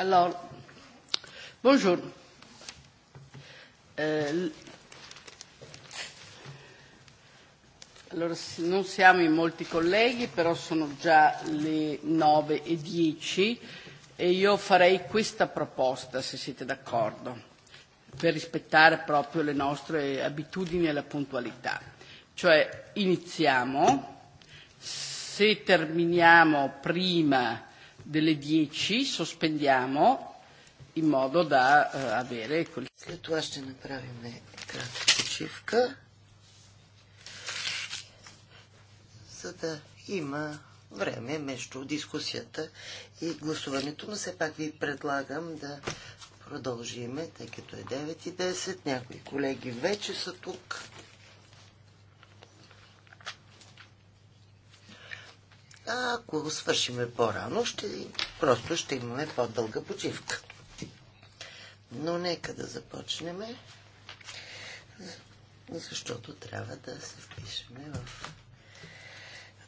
Alors, bonjour. Eh, allora, non siamo in molti colleghi, però sono già le 9 e 10 e io farei questa proposta, se siete d'accordo, per rispettare proprio le nostre abitudini e la puntualità. Cioè, iniziamo, se terminiamo prima delle 10 sospendiamo in modo da uh, avere... След това ще направим кратка почивка, за да има време между дискусията и гласуването, но все пак ви предлагам да продължиме, тъй като е 9 и 10. Някои колеги вече са тук. А ако го свършиме по-рано, ще, просто ще имаме по-дълга почивка. Но нека да започнем, защото трябва да се впишеме в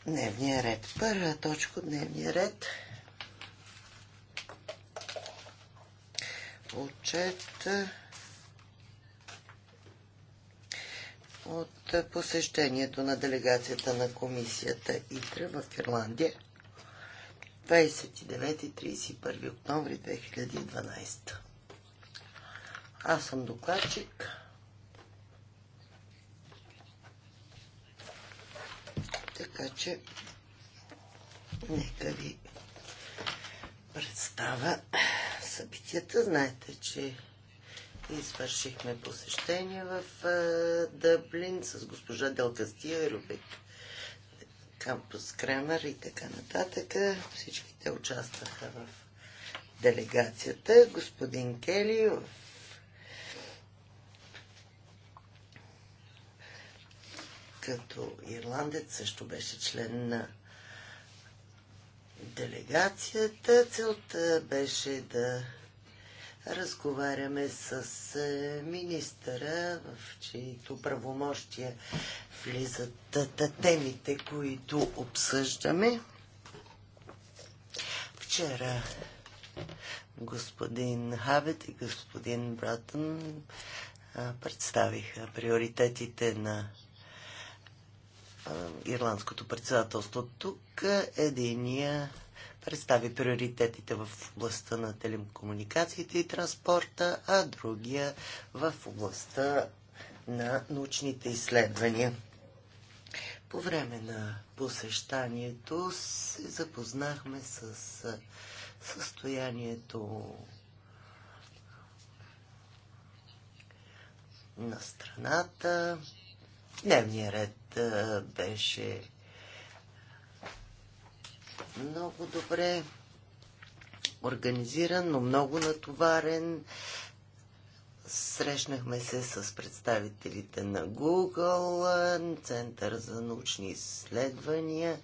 дневния ред. Първа точка от дневния ред отчет от посещението на делегацията на комисията ИТРА в Ирландия 29-31 октомври 2012. Аз съм докладчик. Така че нека ви представя събитията. Знаете, че Извършихме посещение в Дъблин с госпожа Делкастия Рубик, кампус Кремър и така нататък. Всичките участваха в делегацията. Господин Кели в като ирландец също беше член на делегацията. Целта беше да разговаряме с е, министъра, в чието правомощия влизат темите, които обсъждаме. Вчера господин Хабет и господин Братън представиха приоритетите на ирландското председателство. Тук е, единия представи приоритетите в областта на телекомуникациите и транспорта, а другия в областта на научните изследвания. По време на посещанието се запознахме с състоянието на страната. Дневният ред беше много добре организиран, но много натоварен. Срещнахме се с представителите на Google, Център за научни изследвания,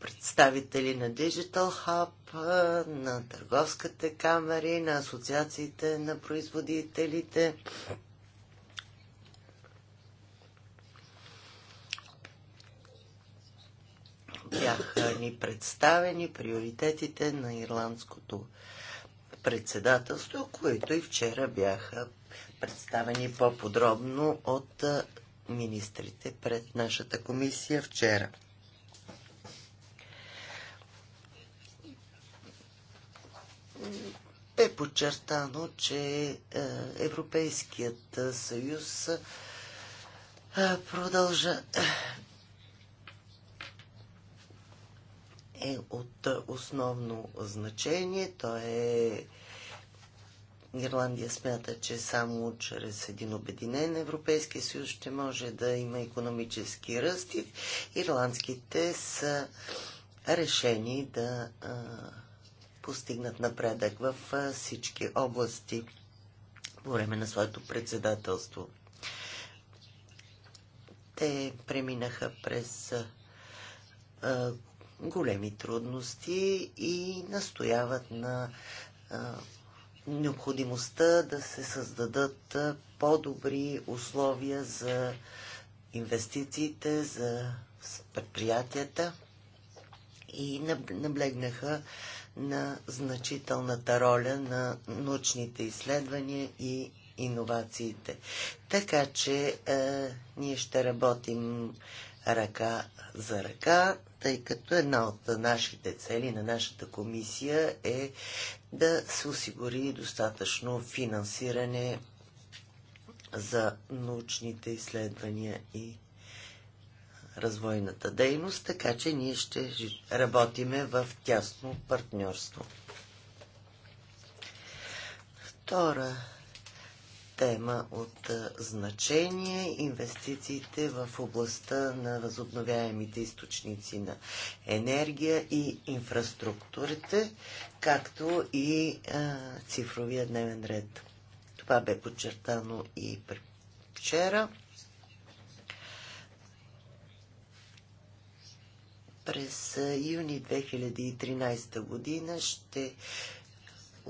представители на Digital Hub, на търговските камери, на асоциациите на производителите. бяха ни представени приоритетите на ирландското председателство, които и вчера бяха представени по-подробно от министрите пред нашата комисия вчера. Бе подчертано, че Европейският съюз продължа е от основно значение. То е Ирландия смята, че само чрез един обединен Европейски съюз ще може да има економически ръст ирландските са решени да а, постигнат напредък в всички области по време на своето председателство. Те преминаха през а, големи трудности и настояват на необходимостта да се създадат по-добри условия за инвестициите, за предприятията и наблегнаха на значителната роля на научните изследвания и иновациите. Така че е, ние ще работим ръка за ръка, тъй като една от нашите цели на нашата комисия е да се осигури достатъчно финансиране за научните изследвания и развойната дейност, така че ние ще работиме в тясно партньорство. Втора тема от значение. Инвестициите в областта на възобновяемите източници на енергия и инфраструктурите, както и цифровия дневен ред. Това бе подчертано и вчера. През юни 2013 година ще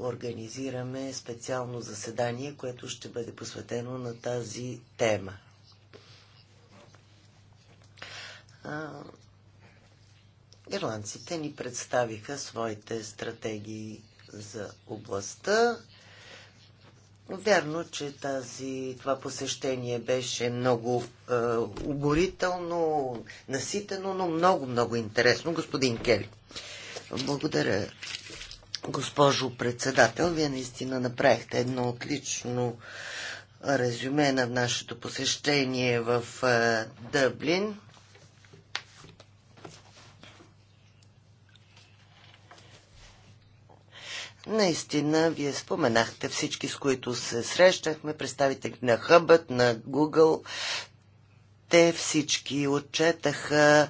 организираме специално заседание, което ще бъде посветено на тази тема. Ирландците ни представиха своите стратегии за областта. Вярно, че тази, това посещение беше много е, оборително, наситено, но много-много интересно. Господин Кели. Благодаря, Госпожо председател, вие наистина направихте едно отлично резюме на нашето посещение в е, Дъблин. Наистина, вие споменахте всички, с които се срещахме, представители на Хъбът, на Google. Те всички отчетаха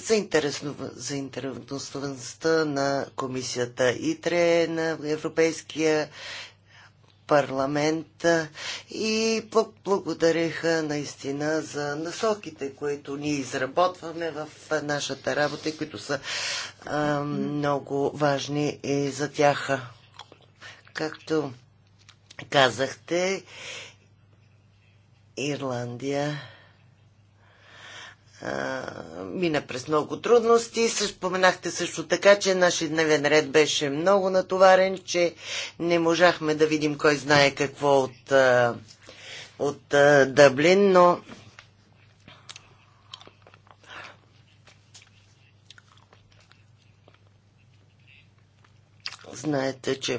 заинтересоваността на комисията ИТРЕ, на Европейския парламент и благодареха наистина за насоките, които ние изработваме в нашата работа и които са а, много важни и за тях. Както казахте, Ирландия мина през много трудности. Споменахте също така, че нашия дневен ред беше много натоварен, че не можахме да видим кой знае какво от, от Дъблин, но знаете, че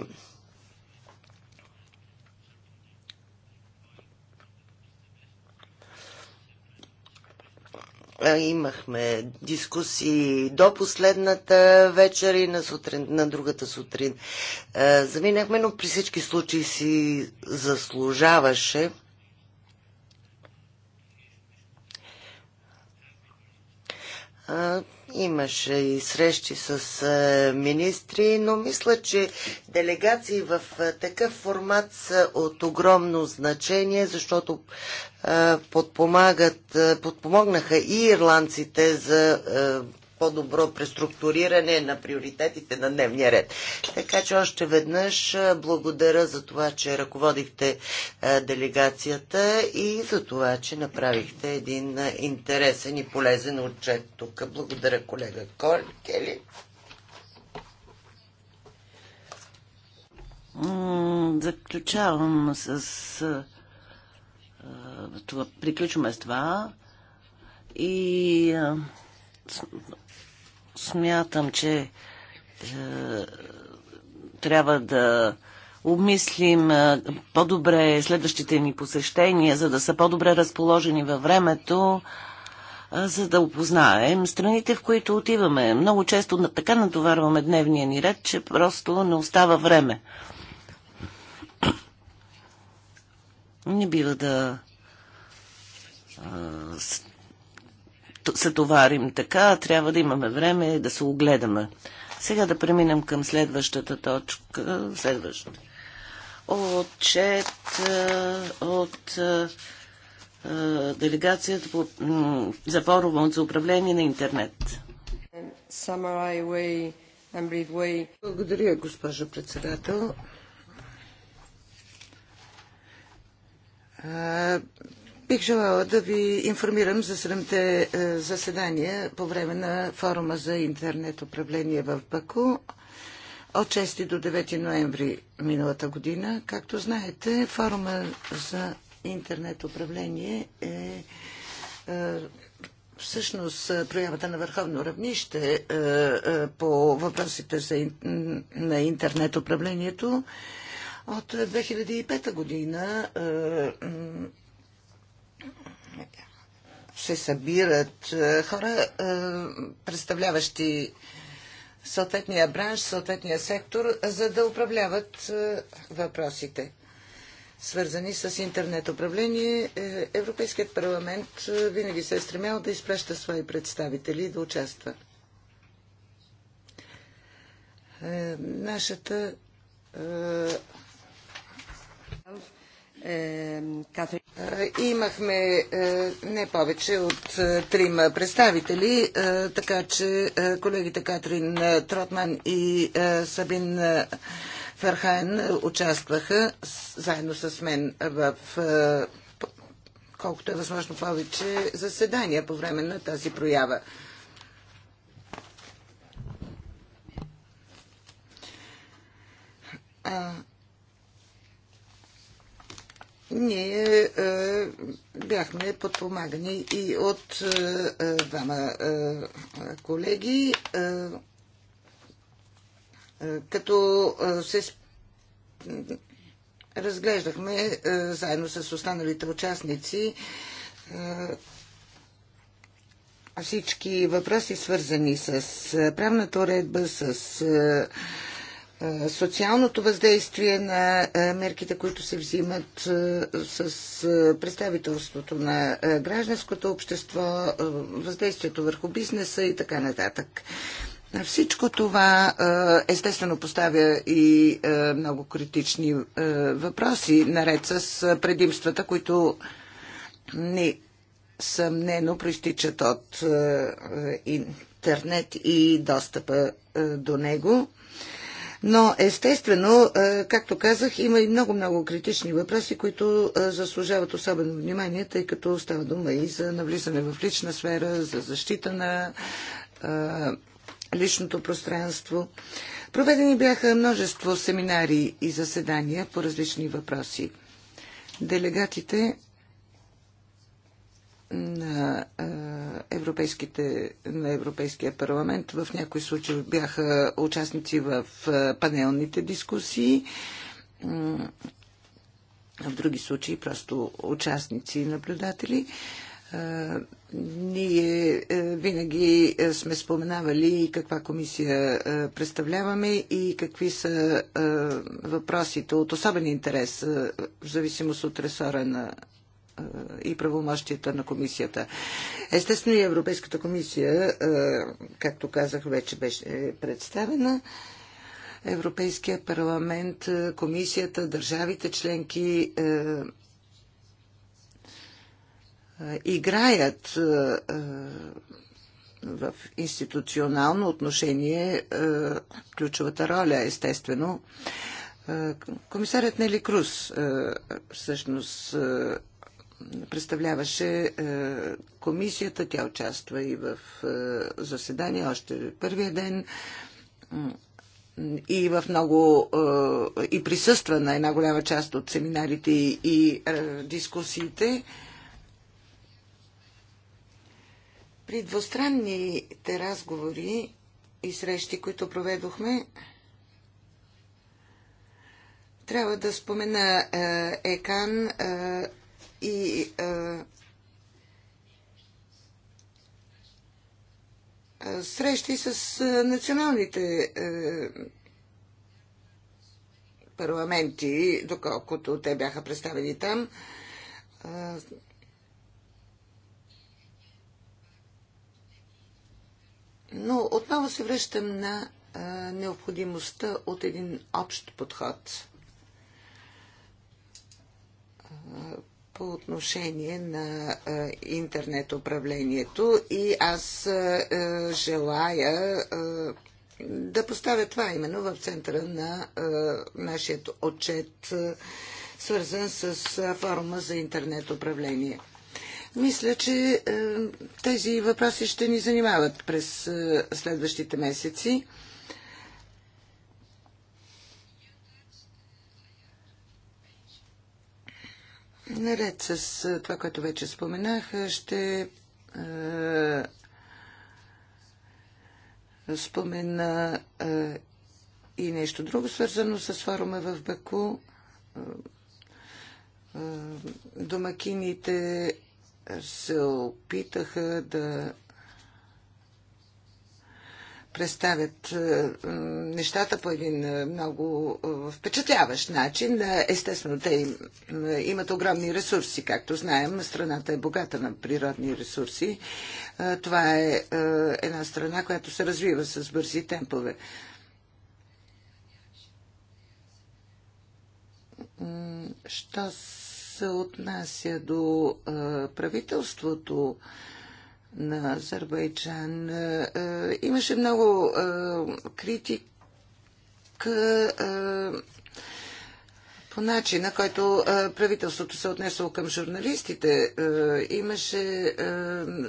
Имахме дискусии до последната вечер и на, сутрин, на другата сутрин. Заминахме, но при всички случаи си заслужаваше Имаше и срещи с е, министри, но мисля, че делегации в е, такъв формат са от огромно значение, защото е, подпомагат, подпомогнаха и ирландците за по-добро преструктуриране на приоритетите на дневния ред. Така че още веднъж благодаря за това, че ръководихте делегацията и за това, че направихте един интересен и полезен отчет тук. Благодаря, колега Кол, Кели. Заключавам с това. Приключваме с това и Смятам, че е, трябва да обмислим е, по-добре следващите ни посещения, за да са по-добре разположени във времето, е, за да опознаем страните, в които отиваме. Много често така натоварваме дневния ни ред, че просто не остава време. Не бива да е, се товарим така, трябва да имаме време да се огледаме. Сега да преминем към следващата точка. Следващата. Отчет от делегацията по, за форума за управление на интернет. Благодаря, госпожа председател. Бих желала да ви информирам за седемте е, заседания по време на форума за интернет управление в Баку от 6 до 9 ноември миналата година. Както знаете, форума за интернет управление е, е всъщност е, проявата на върховно равнище по въпросите за, на интернет управлението. От 2005 година се събират е, хора, е, представляващи съответния бранш, съответния сектор, за да управляват е, въпросите, свързани с интернет управление. Европейският парламент винаги се е стремял да изпраща свои представители и да участва. Нашата Катрин е, имахме е, не повече от е, трима представители, така че колегите Катрин Тротман и Сабин Ферхайн участваха заедно с мен в колкото е възможно повече заседания по време на тази проява. А, ние а, е, бяхме подпомагани и от а, е, е, двама а, колеги, а, а, като а, се разглеждахме а, заедно с останалите участници а, всички въпроси, свързани с правната уредба, с. А, социалното въздействие на мерките, които се взимат с представителството на гражданското общество, въздействието върху бизнеса и така нататък. Всичко това естествено поставя и много критични въпроси, наред с предимствата, които не съмнено проистичат от интернет и достъпа до него. Но естествено, е, както казах, има и много-много критични въпроси, които е, заслужават особено внимание, тъй като става дума и за навлизане в лична сфера, за защита на е, личното пространство. Проведени бяха множество семинари и заседания по различни въпроси. Делегатите на, европейските, на Европейския парламент. В някои случаи бяха участници в панелните дискусии, в други случаи просто участници и наблюдатели. Ние винаги сме споменавали каква комисия представляваме и какви са въпросите от особен интерес в зависимост от ресора на и правомощията на комисията. Естествено и Европейската комисия, е, както казах, вече беше представена. Европейския парламент, е, комисията, държавите членки е, играят в институционално отношение ключовата роля, естествено. Комисарят Нели Круз всъщност представляваше е, комисията. Тя участва и в е, заседание още първия ден и в много е, и присъства на една голяма част от семинарите и дискусиите. При двустранните разговори и срещи, които проведохме, трябва да спомена ЕКАН и а, срещи с националните парламенти, доколкото те бяха представени там. Но отново се връщам на необходимостта от един общ подход по отношение на интернет управлението и аз желая да поставя това именно в центъра на нашия отчет, свързан с форума за интернет управление. Мисля, че тези въпроси ще ни занимават през следващите месеци. Наред с това, което вече споменах, ще спомена и нещо друго, свързано с форума в Баку. Домакините се опитаха да представят е, е, нещата по един е, много впечатляващ начин. Естествено, те имат огромни ресурси. Както знаем, страната е богата на природни ресурси. Това е една страна, която се развива с бързи темпове. Що се отнася до правителството, на Азербайджан. Е, е, имаше много е, критика по начина, който правителството се отнесло към журналистите. Имаше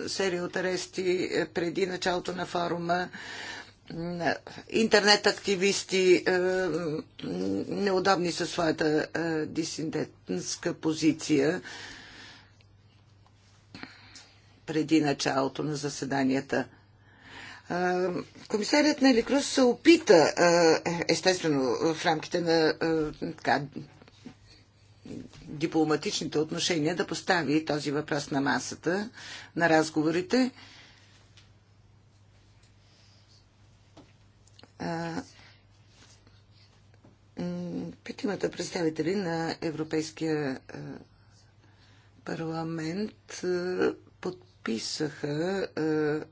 серия от арести преди началото на форума интернет-активисти, неудобни със своята дисидентска позиция преди началото на заседанията. Комисарят Нели Крус се опита, естествено, в рамките на така, дипломатичните отношения да постави този въпрос на масата, на разговорите. Петимата представители на Европейския парламент подписаха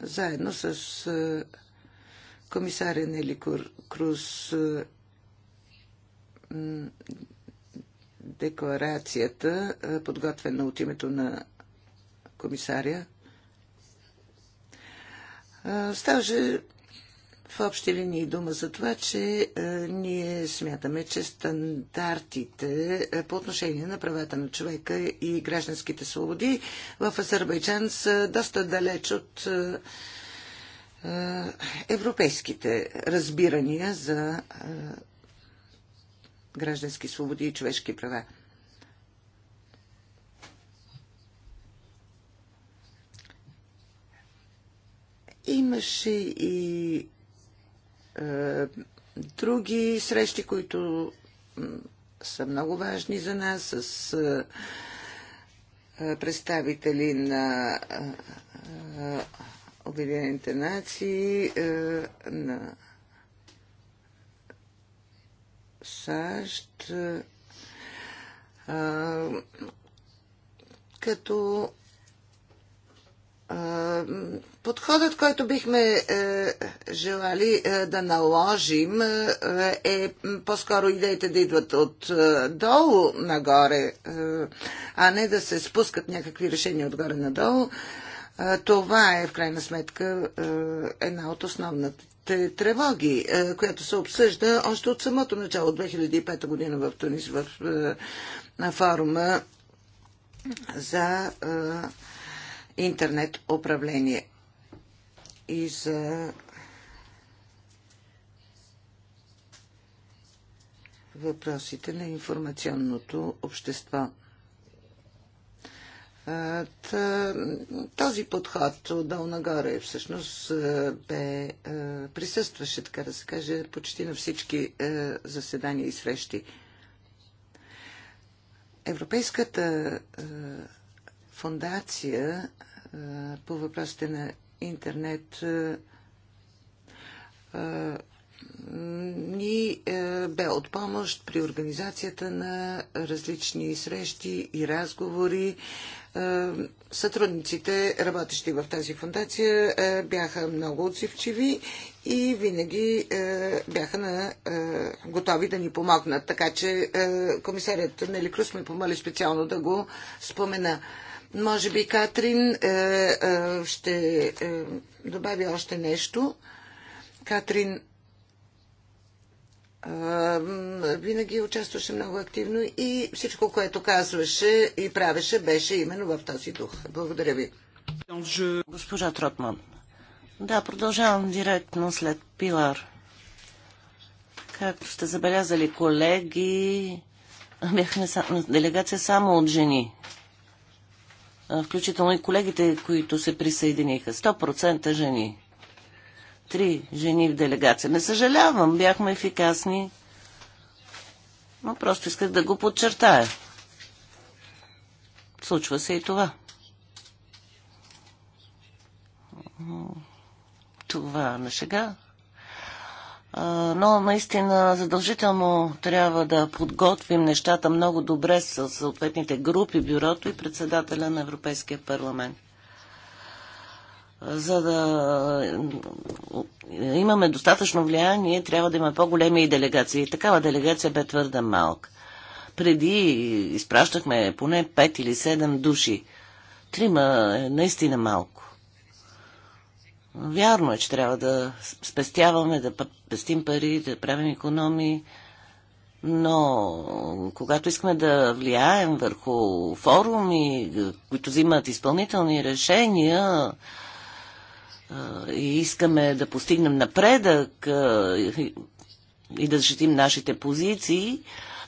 заедно с комисаря Нели Круз декларацията, подготвена от името на комисаря. Ставаше в общи линии дума за това, че е, ние смятаме, че стандартите е, по отношение на правата на човека и гражданските свободи в Азербайджан са доста далеч от е, е европейските разбирания за е, граждански свободи и човешки права. Имаше и е, други срещи, които са много важни за нас, с е, е, представители на Обединените нации, на САЩ, като Подходът, който бихме е, желали е, да наложим е, е по-скоро идеите да идват от долу нагоре, а не да се спускат някакви решения отгоре надолу. Това е в крайна сметка една от основните тревоги, която се обсъжда още от самото начало, от 2005 година в Тунис, в форума за интернет управление и за въпросите на информационното общество. Този подход долу нагоре всъщност бе, присъстваше, така да се каже, почти на всички заседания и срещи. Европейската фундация по въпросите на интернет ни е, бе от помощ при организацията на различни срещи и разговори. Е, сътрудниците, работещи в тази фундация, е, бяха много отзивчиви и винаги бяха на, готови да ни помогнат. Така че комисарят Нели Крус ме помоли специално да го спомена. Може би Катрин е, е, ще е, добави още нещо. Катрин винаги участваше много активно и всичко, което казваше и правеше, беше именно в този дух. Благодаря ви. Госпожа Тротман. Да, продължавам директно след Пилар. Както сте забелязали, колеги, бяхме делегация само от жени включително и колегите, които се присъединиха. 100% жени. Три жени в делегация. Не съжалявам, бяхме ефикасни, но просто исках да го подчертая. Случва се и това. Това на шега но наистина задължително трябва да подготвим нещата много добре с съответните групи, бюрото и председателя на Европейския парламент. За да е, имаме достатъчно влияние, трябва да има по-големи и делегации. Такава делегация бе твърде малка. Преди изпращахме поне 5 или 7 души. Трима е наистина малко. Вярно е, че трябва да спестяваме, да пестим пари, да правим економии, но когато искаме да влияем върху форуми, които взимат изпълнителни решения и искаме да постигнем напредък и да защитим нашите позиции,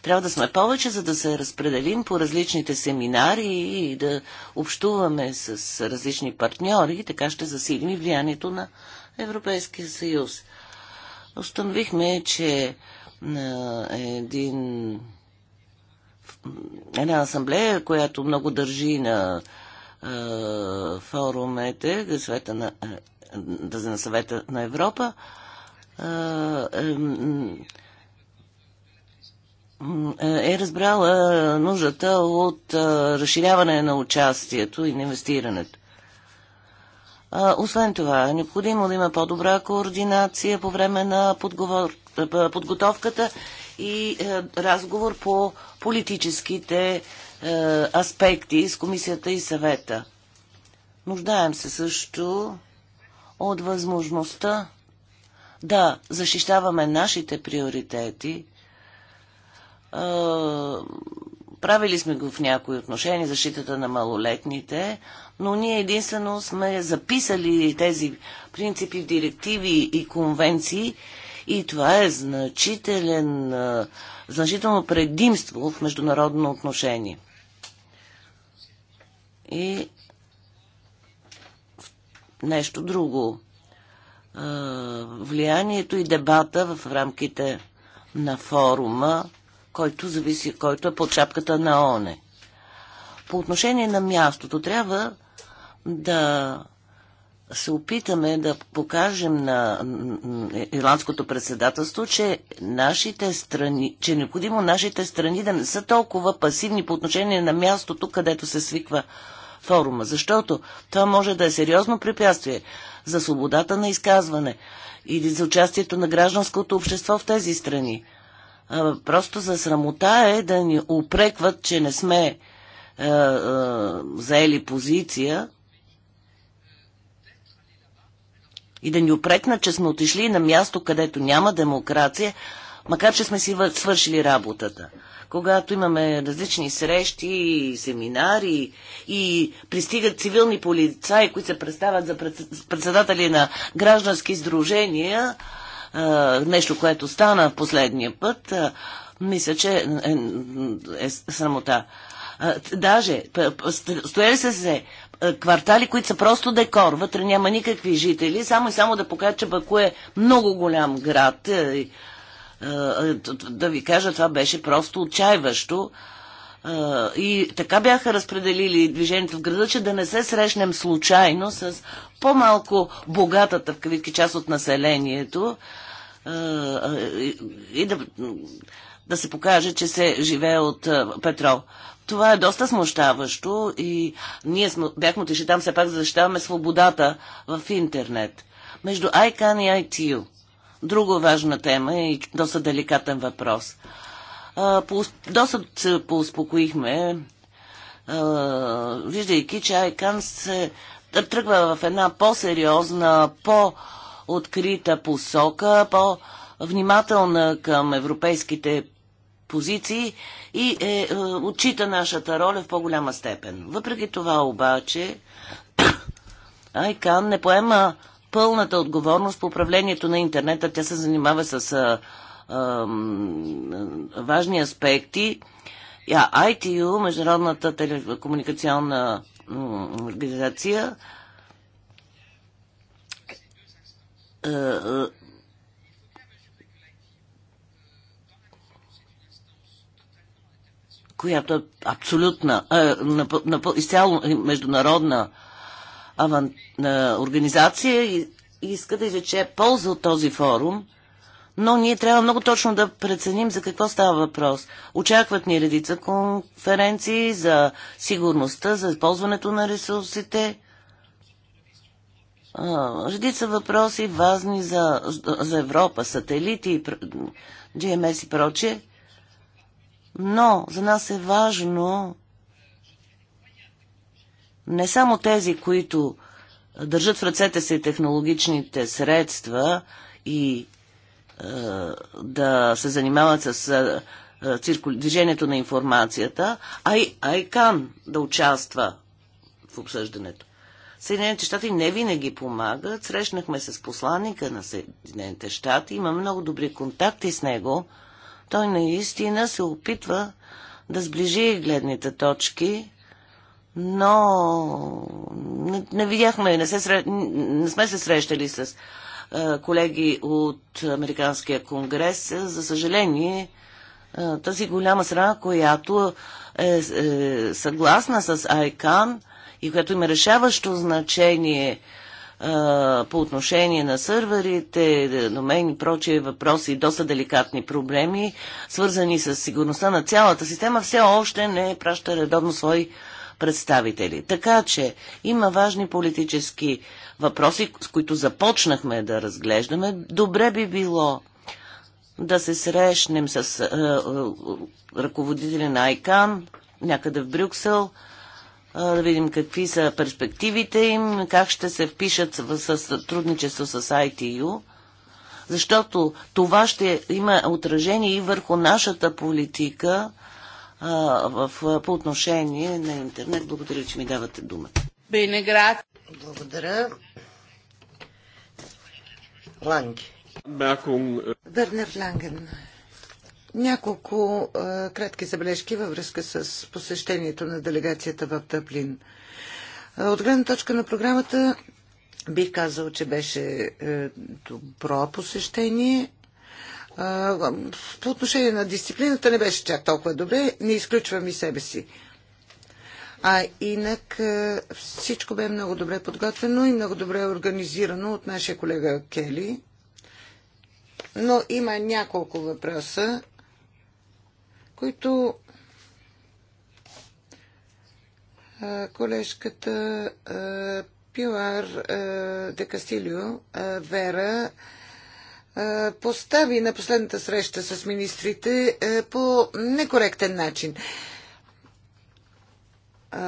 трябва да сме повече, за да се разпределим по различните семинари и да общуваме с различни партньори и така ще засилим и влиянието на Европейския съюз. Установихме, че на един, една асамблея, която много държи на е, форумите, света на, на съвета на Европа, е, е, е разбрала нуждата от разширяване на участието и на инвестирането. Освен това, е необходимо да има по-добра координация по време на подговор... подготовката и е, разговор по политическите е, аспекти с комисията и съвета. Нуждаем се също от възможността да защищаваме нашите приоритети Правили сме го в някои отношения, защитата на малолетните, но ние единствено сме записали тези принципи в директиви и конвенции и това е значителен, значително предимство в международно отношение. И нещо друго. Влиянието и дебата в рамките на форума който, зависи, който е под шапката на ОНЕ. По отношение на мястото, трябва да се опитаме да покажем на ирландското председателство, че, нашите страни, че е необходимо нашите страни да не са толкова пасивни по отношение на мястото, където се свиква форума, защото това може да е сериозно препятствие за свободата на изказване или за участието на гражданското общество в тези страни просто за срамота е да ни упрекват, че не сме е, е, заели позиция и да ни упрекнат, че сме отишли на място, където няма демокрация, макар че сме си свършили работата. Когато имаме различни срещи семинари и пристигат цивилни полицаи, които се представят за председатели на граждански сдружения, нещо, което стана последния път, мисля, че е, е, е срамота. Даже стояли са се квартали, които са просто декор. Вътре няма никакви жители, само и само да покажа, че Баку е много голям град. Е, да ви кажа, това беше просто отчаиващо. И така бяха разпределили движението в града, че да не се срещнем случайно с по-малко богатата в кавитки част от населението и да, да се покаже, че се живее от петрол. Това е доста смущаващо и ние сме, бяхме отишли там все пак да защитаваме свободата в интернет. Между ICANN и ITU. Друго важна тема и доста деликатен въпрос. Доста се поуспокоихме, виждайки, че Айкан се тръгва в една по-сериозна, по-открита посока, по-внимателна към европейските позиции и е, е, отчита нашата роля в по-голяма степен. Въпреки това обаче, Айкан не поема пълната отговорност по управлението на интернета. Тя се занимава с важни аспекти. ITU, Международната телекомуникационна организация, която е абсолютна, изцяло международна организация, иска да изрече полза от този форум но ние трябва много точно да преценим за какво става въпрос. Очакват ни редица конференции за сигурността, за използването на ресурсите. Редица въпроси важни за, за Европа, сателити, GMS и прочее. Но за нас е важно не само тези, които държат в ръцете си технологичните средства и е, да се занимават с е, е, движението на информацията, а и Айкан да участва в обсъждането. Съединените щати не винаги помагат. Срещнахме се с посланника на Съединените щати. Има много добри контакти с него. Той наистина се опитва да сближи гледните точки, но не, не видяхме, не, се, не сме се срещали с е, колеги от Американския конгрес. За съжаление, е, тази голяма страна, която е, е, съгласна с Айкан и която има решаващо значение по отношение на сървърите, домени и прочие въпроси, доста деликатни проблеми, свързани с сигурността на цялата система, все още не праща редовно свои представители. Така че има важни политически въпроси, с които започнахме да разглеждаме. Добре би било да се срещнем с е, е, ръководители на ICAN някъде в Брюксел, е, да видим какви са перспективите им, как ще се впишат в сътрудничество с ITU, защото това ще има отражение и върху нашата политика а, в, по отношение на интернет. Благодаря, че ми давате думата. Бенеград. Благодаря. Ланги. Е, Вернер Ланген. Няколко а, е, кратки забележки във връзка с посещението на делегацията в Дъблин. Е, от гледна точка на програмата бих казал, че беше добро посещение. По отношение на дисциплината не беше чак толкова добре. Не изключвам и себе си. А инак всичко бе много добре подготвено и много добре организирано от нашия колега Кели. Но има няколко въпроса, които колежката Пилар де Кастилио Вера е, постави на последната среща с министрите е, по некоректен начин. Е,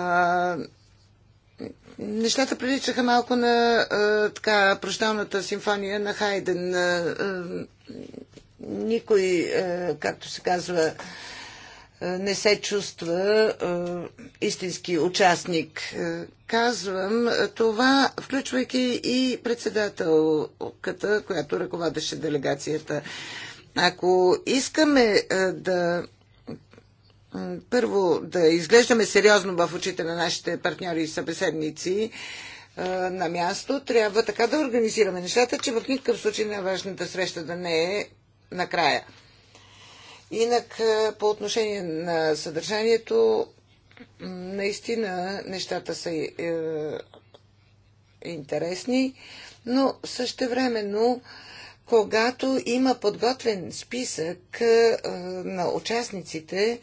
нещата приличаха малко на така прощалната симфония на Хайден. Никой, както се казва, е, не се чувства е, истински участник. Е, казвам е, това, включвайки и председателката, която ръководеше делегацията. Ако искаме е, да първо да изглеждаме сериозно в очите на нашите партньори и събеседници е, на място, трябва така да организираме нещата, че в никакъв случай най-важната среща да не е накрая. Инак, по отношение на съдържанието, наистина нещата са е, интересни, но същевременно, когато има подготвен списък е, на участниците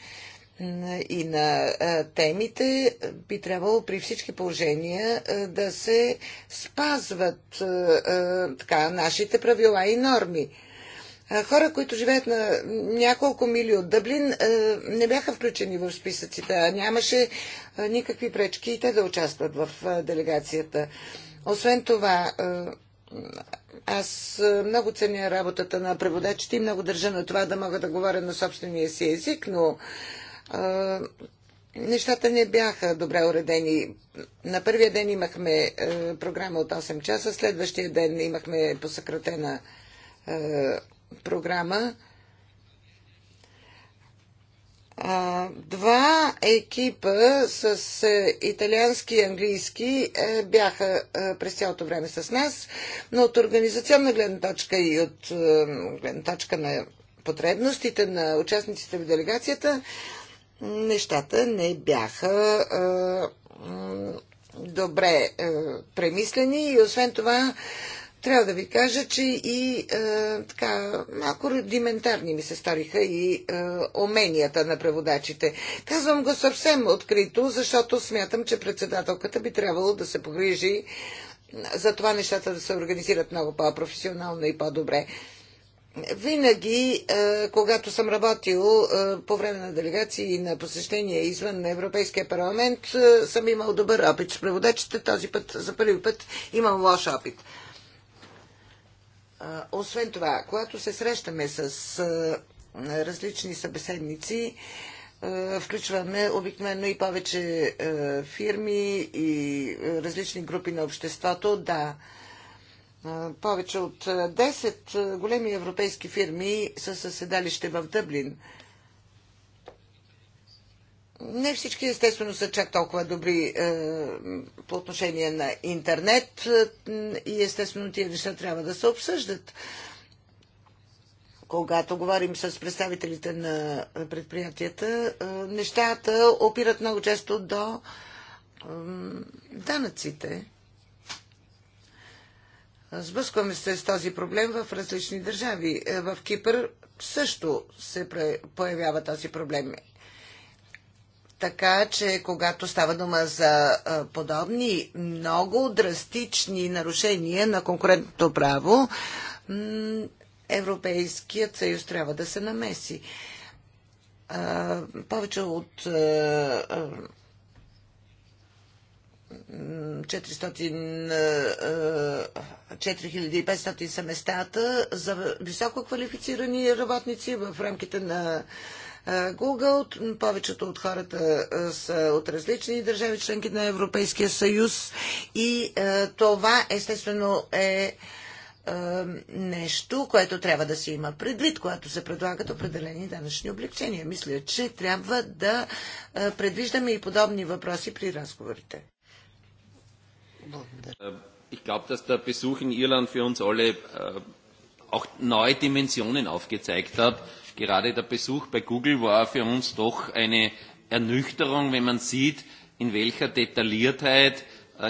и на е, темите, би трябвало при всички положения е, да се спазват е, е, така, нашите правила и норми хора, които живеят на няколко мили от Дъблин, не бяха включени в списъците. Нямаше никакви пречки и те да участват в делегацията. Освен това, аз много ценя работата на преводачите и много държа на това да мога да говоря на собствения си език, но нещата не бяха добре уредени. На първия ден имахме програма от 8 часа, следващия ден имахме посъкратена програма два екипа с е, италиански и английски е, бяха е, през цялото време с нас, но от организационна гледна точка и от гледна точка на потребностите на участниците в делегацията, нещата не бяха добре премислени и освен това трябва да ви кажа, че и е, така, малко рудиментарни ми се сториха и е, уменията на преводачите. Казвам го съвсем открито, защото смятам, че председателката би трябвало да се погрижи за това нещата да се организират много по-професионално и по-добре. Винаги, е, когато съм работил е, по време на делегации и на посещения извън на Европейския парламент, е, съм имал добър опит с преводачите. Този път, за първи път, имам лош опит. Освен това, когато се срещаме с различни събеседници, включваме обикновено и повече фирми и различни групи на обществото. Да, повече от 10 големи европейски фирми са със седалище в Дъблин – не всички естествено са чак толкова добри е, по отношение на интернет е, и естествено тия неща трябва да се обсъждат. Когато говорим с представителите на предприятията, е, нещата опират много често до е, данъците. Сблъскваме се с този проблем в различни държави. Е, в Кипър също се появява този проблем. Така че, когато става дума за подобни много драстични нарушения на конкурентното право, Европейският съюз трябва да се намеси. Повече от 400, 4500 са местата за високо квалифицирани работници в рамките на Google. Повечето от хората са от различни държави, членки на Европейския съюз и това естествено е нещо, което трябва да се има предвид, когато се предлагат определени данъчни облегчения. Мисля, че трябва да предвиждаме и подобни въпроси при разговорите. Благодаря. Э, ich glaube, dass der Besuch in Irland für uns alle э, auch neue Dimensionen aufgezeigt hat gerade der Besuch bei Google war für uns doch eine Ernüchterung, wenn man sieht, in welcher Detailliertheit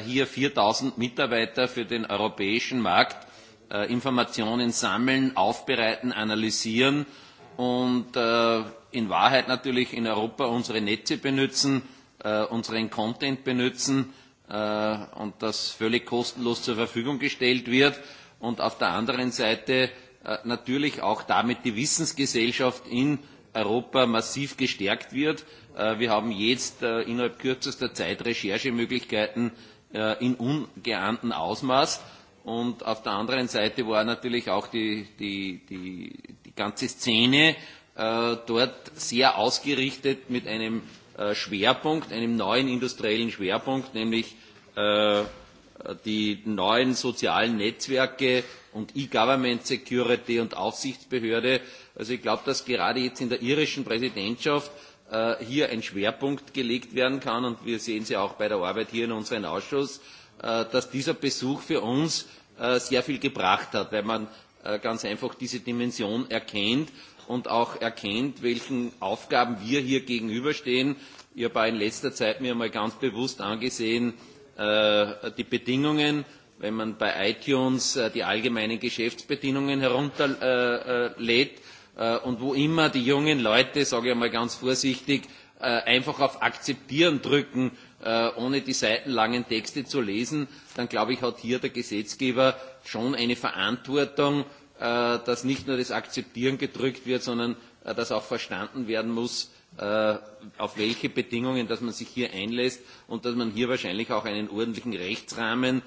hier 4000 Mitarbeiter für den europäischen Markt Informationen sammeln, aufbereiten, analysieren und in Wahrheit natürlich in Europa unsere Netze benutzen, unseren Content benutzen und das völlig kostenlos zur Verfügung gestellt wird. Und auf der anderen Seite natürlich auch damit die Wissensgesellschaft in Europa massiv gestärkt wird. Wir haben jetzt innerhalb kürzester Zeit Recherchemöglichkeiten in ungeahntem Ausmaß. Und auf der anderen Seite war natürlich auch die, die, die, die ganze Szene dort sehr ausgerichtet mit einem Schwerpunkt, einem neuen industriellen Schwerpunkt, nämlich die neuen sozialen Netzwerke und E-Government Security und Aufsichtsbehörde. Also ich glaube, dass gerade jetzt in der irischen Präsidentschaft hier ein Schwerpunkt gelegt werden kann und wir sehen es ja auch bei der Arbeit hier in unserem Ausschuss, dass dieser Besuch für uns sehr viel gebracht hat, weil man ganz einfach diese Dimension erkennt und auch erkennt, welchen Aufgaben wir hier gegenüberstehen. Ich habe in letzter Zeit mir einmal ganz bewusst angesehen, die Bedingungen, wenn man bei iTunes die allgemeinen Geschäftsbedingungen herunterlädt und wo immer die jungen Leute, sage ich einmal ganz vorsichtig, einfach auf Akzeptieren drücken, ohne die seitenlangen Texte zu lesen, dann glaube ich, hat hier der Gesetzgeber schon eine Verantwortung, dass nicht nur das Akzeptieren gedrückt wird, sondern dass auch verstanden werden muss, auf welche Bedingungen, dass man sich hier einlässt und dass man hier wahrscheinlich auch einen ordentlichen Rechtsrahmen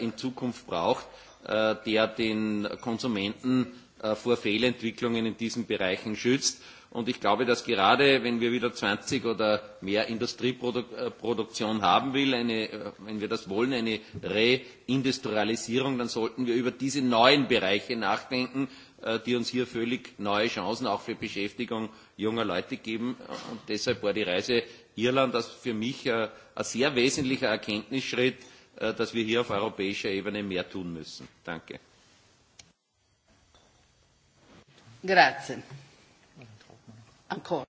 in Zukunft braucht, der den Konsumenten vor Fehlentwicklungen in diesen Bereichen schützt. Und ich glaube, dass gerade wenn wir wieder zwanzig oder mehr Industrieproduktion haben will, wenn wir das wollen, eine Reindustrialisierung, dann sollten wir über diese neuen Bereiche nachdenken, die uns hier völlig neue Chancen auch für Beschäftigung junger Leute geben. Und deshalb war die Reise Irland für mich ein sehr wesentlicher Erkenntnisschritt, dass wir hier auf europäischer Ebene mehr tun müssen. Danke. Grazie. Ancora.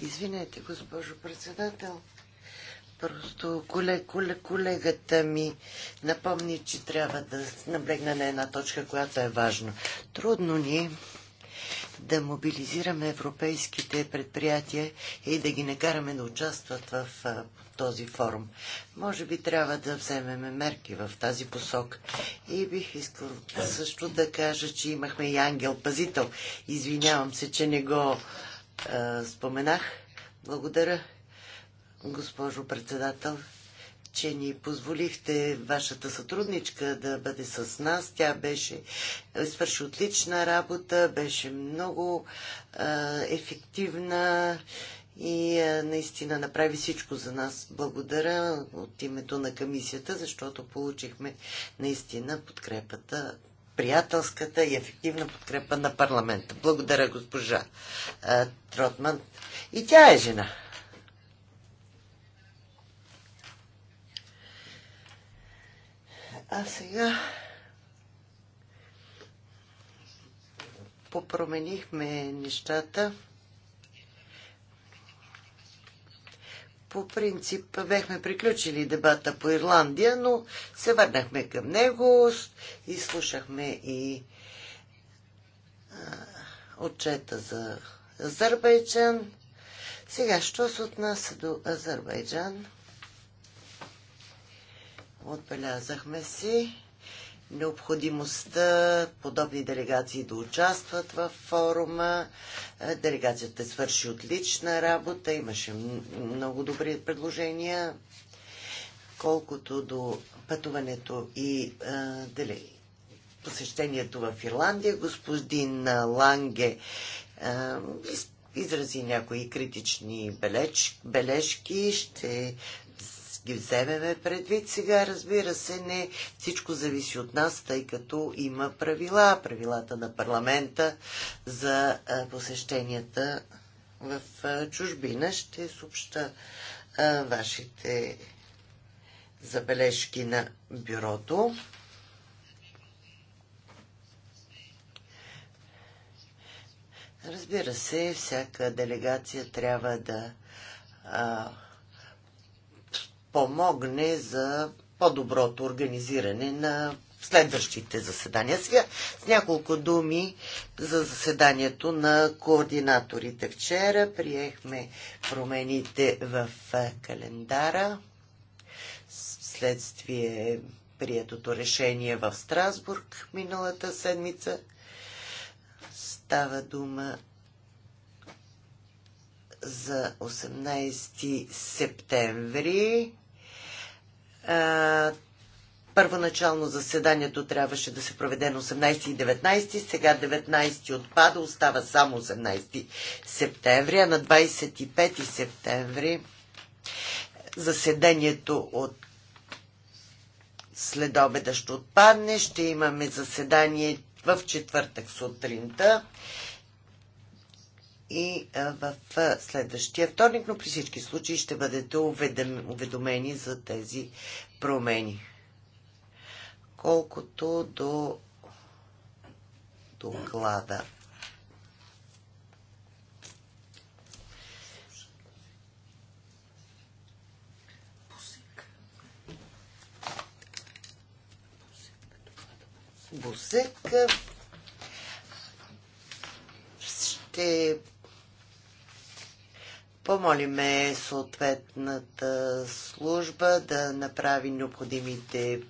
Извинете, госпожо председател. Просто колегата ми напомни, че трябва да наблегна на една точка, която е важна. Трудно ни е да мобилизираме европейските предприятия и да ги накараме да участват в този форум. Може би трябва да вземем мерки в тази посок. И бих искал също да кажа, че имахме и ангел-пазител. Извинявам се, че не го а, споменах. Благодаря госпожо председател, че ни позволихте вашата сътрудничка да бъде с нас. Тя беше е, свърши отлична работа, беше много а, е, ефективна и а, е, наистина направи всичко за нас. Благодаря от името на комисията, защото получихме наистина подкрепата приятелската и ефективна подкрепа на парламента. Благодаря, госпожа а, Тротман. И тя е жена. А сега попроменихме нещата. По принцип бехме приключили дебата по Ирландия, но се върнахме към него и слушахме и отчета за Азербайджан. Сега, що се отнася до Азербайджан? Отбелязахме си необходимостта подобни делегации да участват в форума. Е, делегацията е свърши отлична работа, имаше много добри предложения, колкото до пътуването и а, е, посещението в Ирландия. Господин Ланге а, изрази някои критични бележ, бележки. Ще ги вземеме предвид. Сега, разбира се, не всичко зависи от нас, тъй като има правила, правилата на парламента за посещенията в чужбина. Ще съобща вашите забележки на бюрото. Разбира се, всяка делегация трябва да а, помогне за по-доброто организиране на следващите заседания. Сега с няколко думи за заседанието на координаторите. Вчера приехме промените в е, календара следствие е приетото решение в Страсбург миналата седмица. Става дума за 18 септември първоначално заседанието трябваше да се проведе на 18 и 19, сега 19 отпада, остава само 18 септември, а на 25 септември заседанието от следобеда ще отпадне, ще имаме заседание в четвъртък сутринта и в следващия вторник, но при всички случаи ще бъдете уведомени за тези промени. Колкото до доклада. Бусек ще помолиме съответната служба да направи необходимите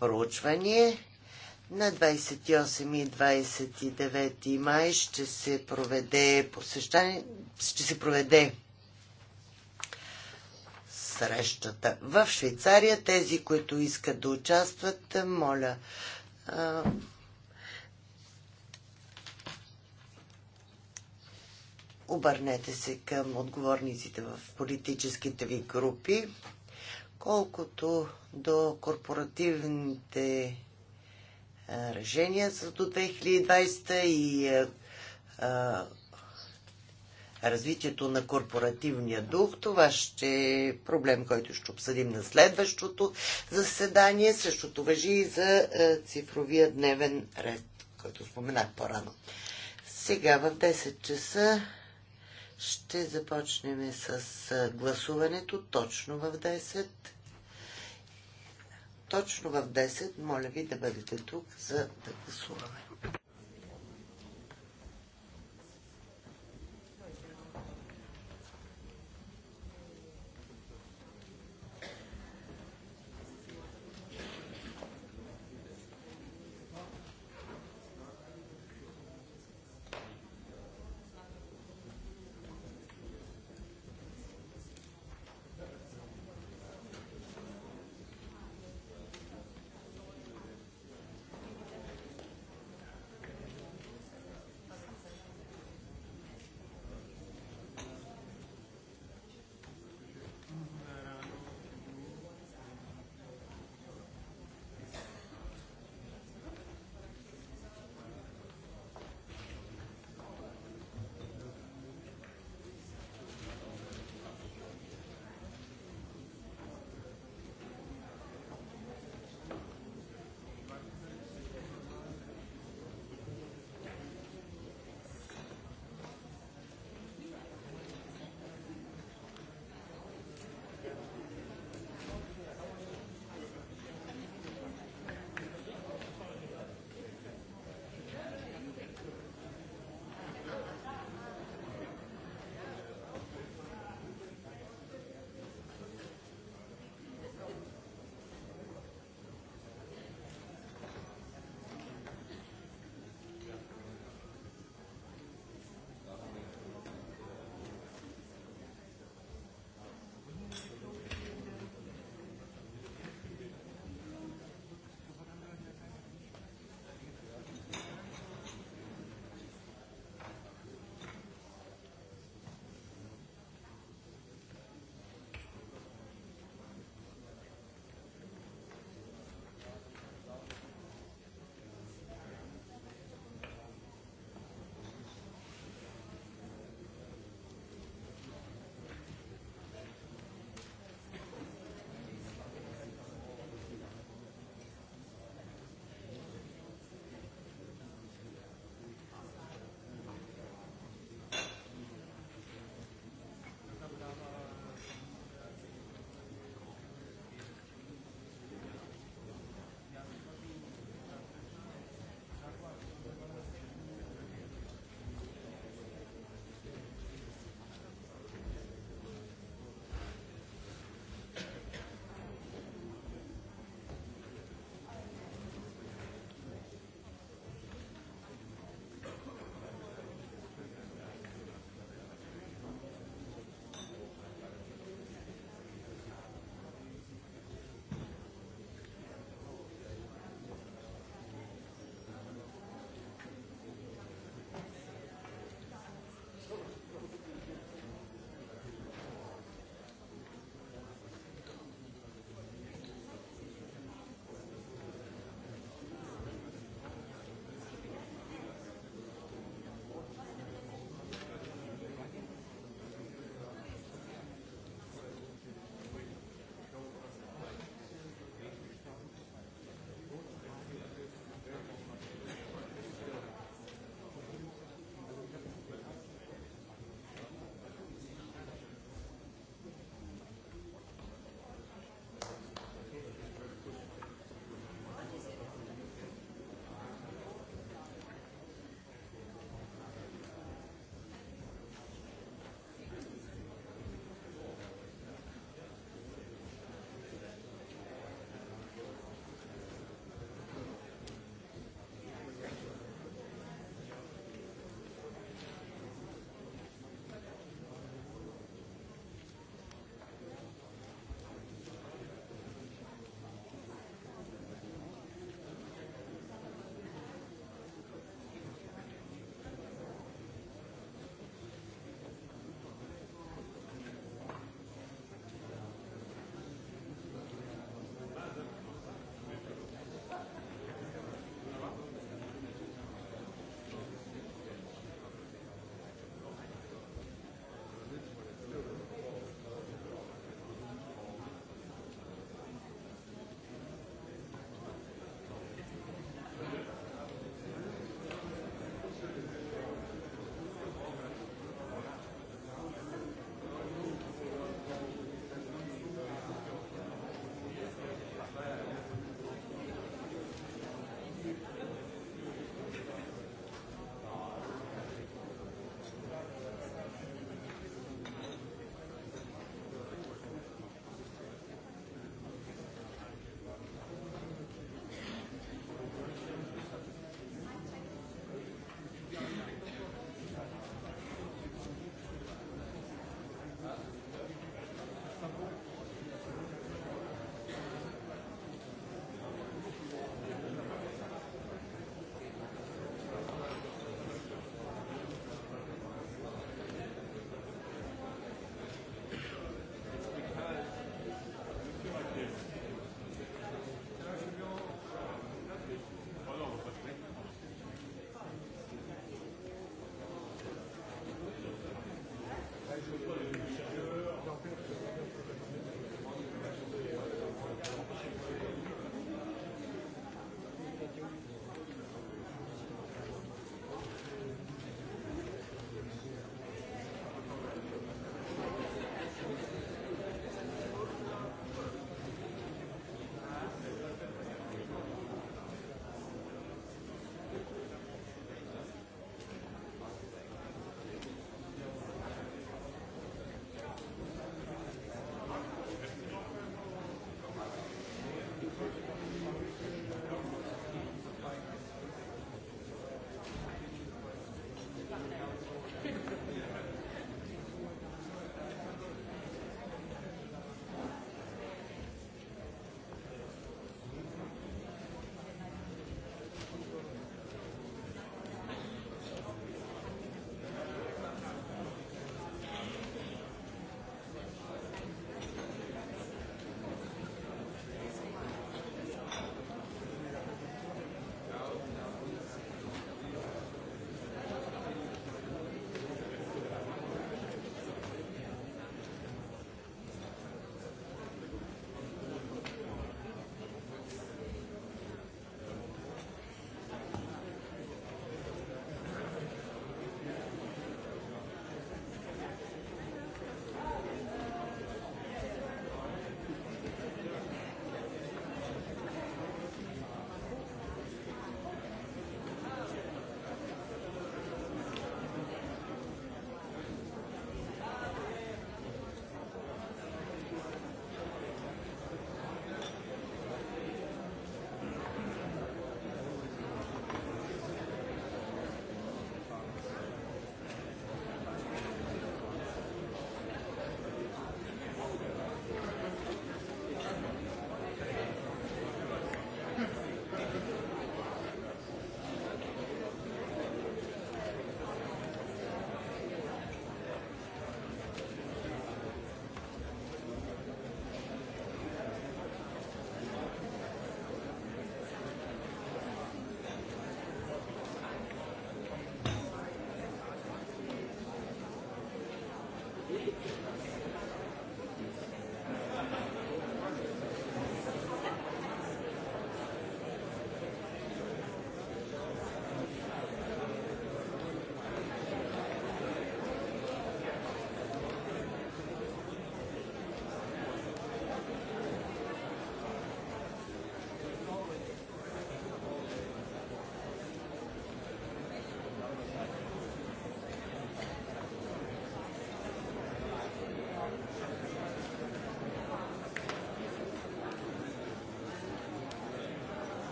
проучвания. На 28 и 29 май ще се проведе посещание, ще се проведе срещата в Швейцария. Тези, които искат да участват, моля Обърнете се към отговорниците в политическите ви групи. Колкото до корпоративните е, решения за до 2020 и а, е, е, развитието на корпоративния дух. Това ще е проблем, който ще обсъдим на следващото заседание. Същото въжи и за цифровия дневен ред, който споменах по-рано. Сега в 10 часа ще започнем с гласуването точно в 10. Точно в 10, моля ви да бъдете тук, за да гласуваме.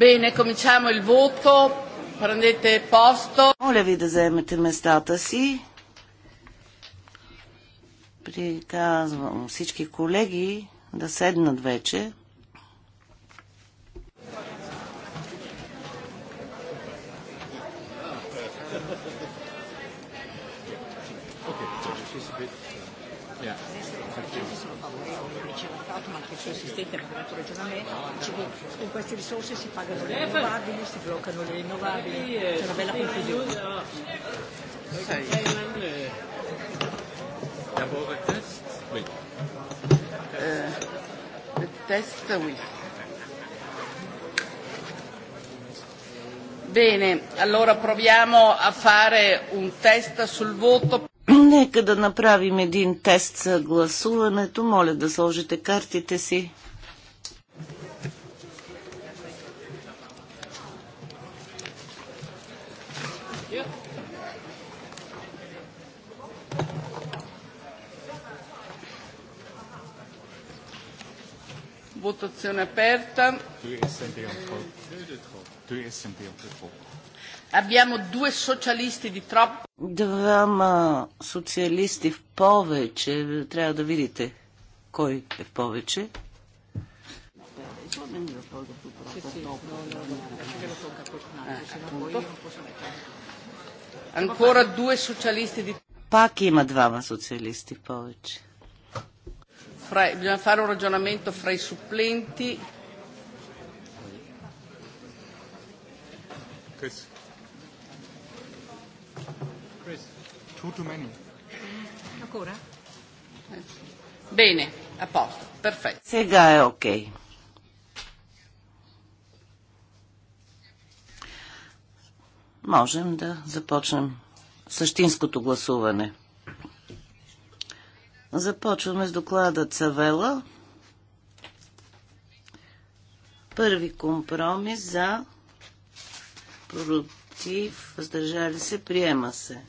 Bene, cominciamo il voto. Prendete posto. Моля ви да заемете местата си. Приказвам всички колеги да седнат вече. bloccano le rinnovabili, c'è una bella confusione. Sai. D'abord test, oui. Bene, allora proviamo a fare un test sul voto. Нека да направим един тест за гласуването. Моля да сложите картите си. Votazione aperta. E e Abbiamo due socialisti di troppo. Двама социалисти в повече. Трябва да видите кой е в повече. Ancora due socialisti di... Пак има двама социалисти в повече fra, bisogna fare un ragionamento fra i supplenti. Chris. Chris, two too many. Ancora? Bene, a posto, perfetto. Sega è ok. Можем да започнем същинското гласуване. Започваме с доклада Цавела. Първи компромис за против, въздържали се, приема се.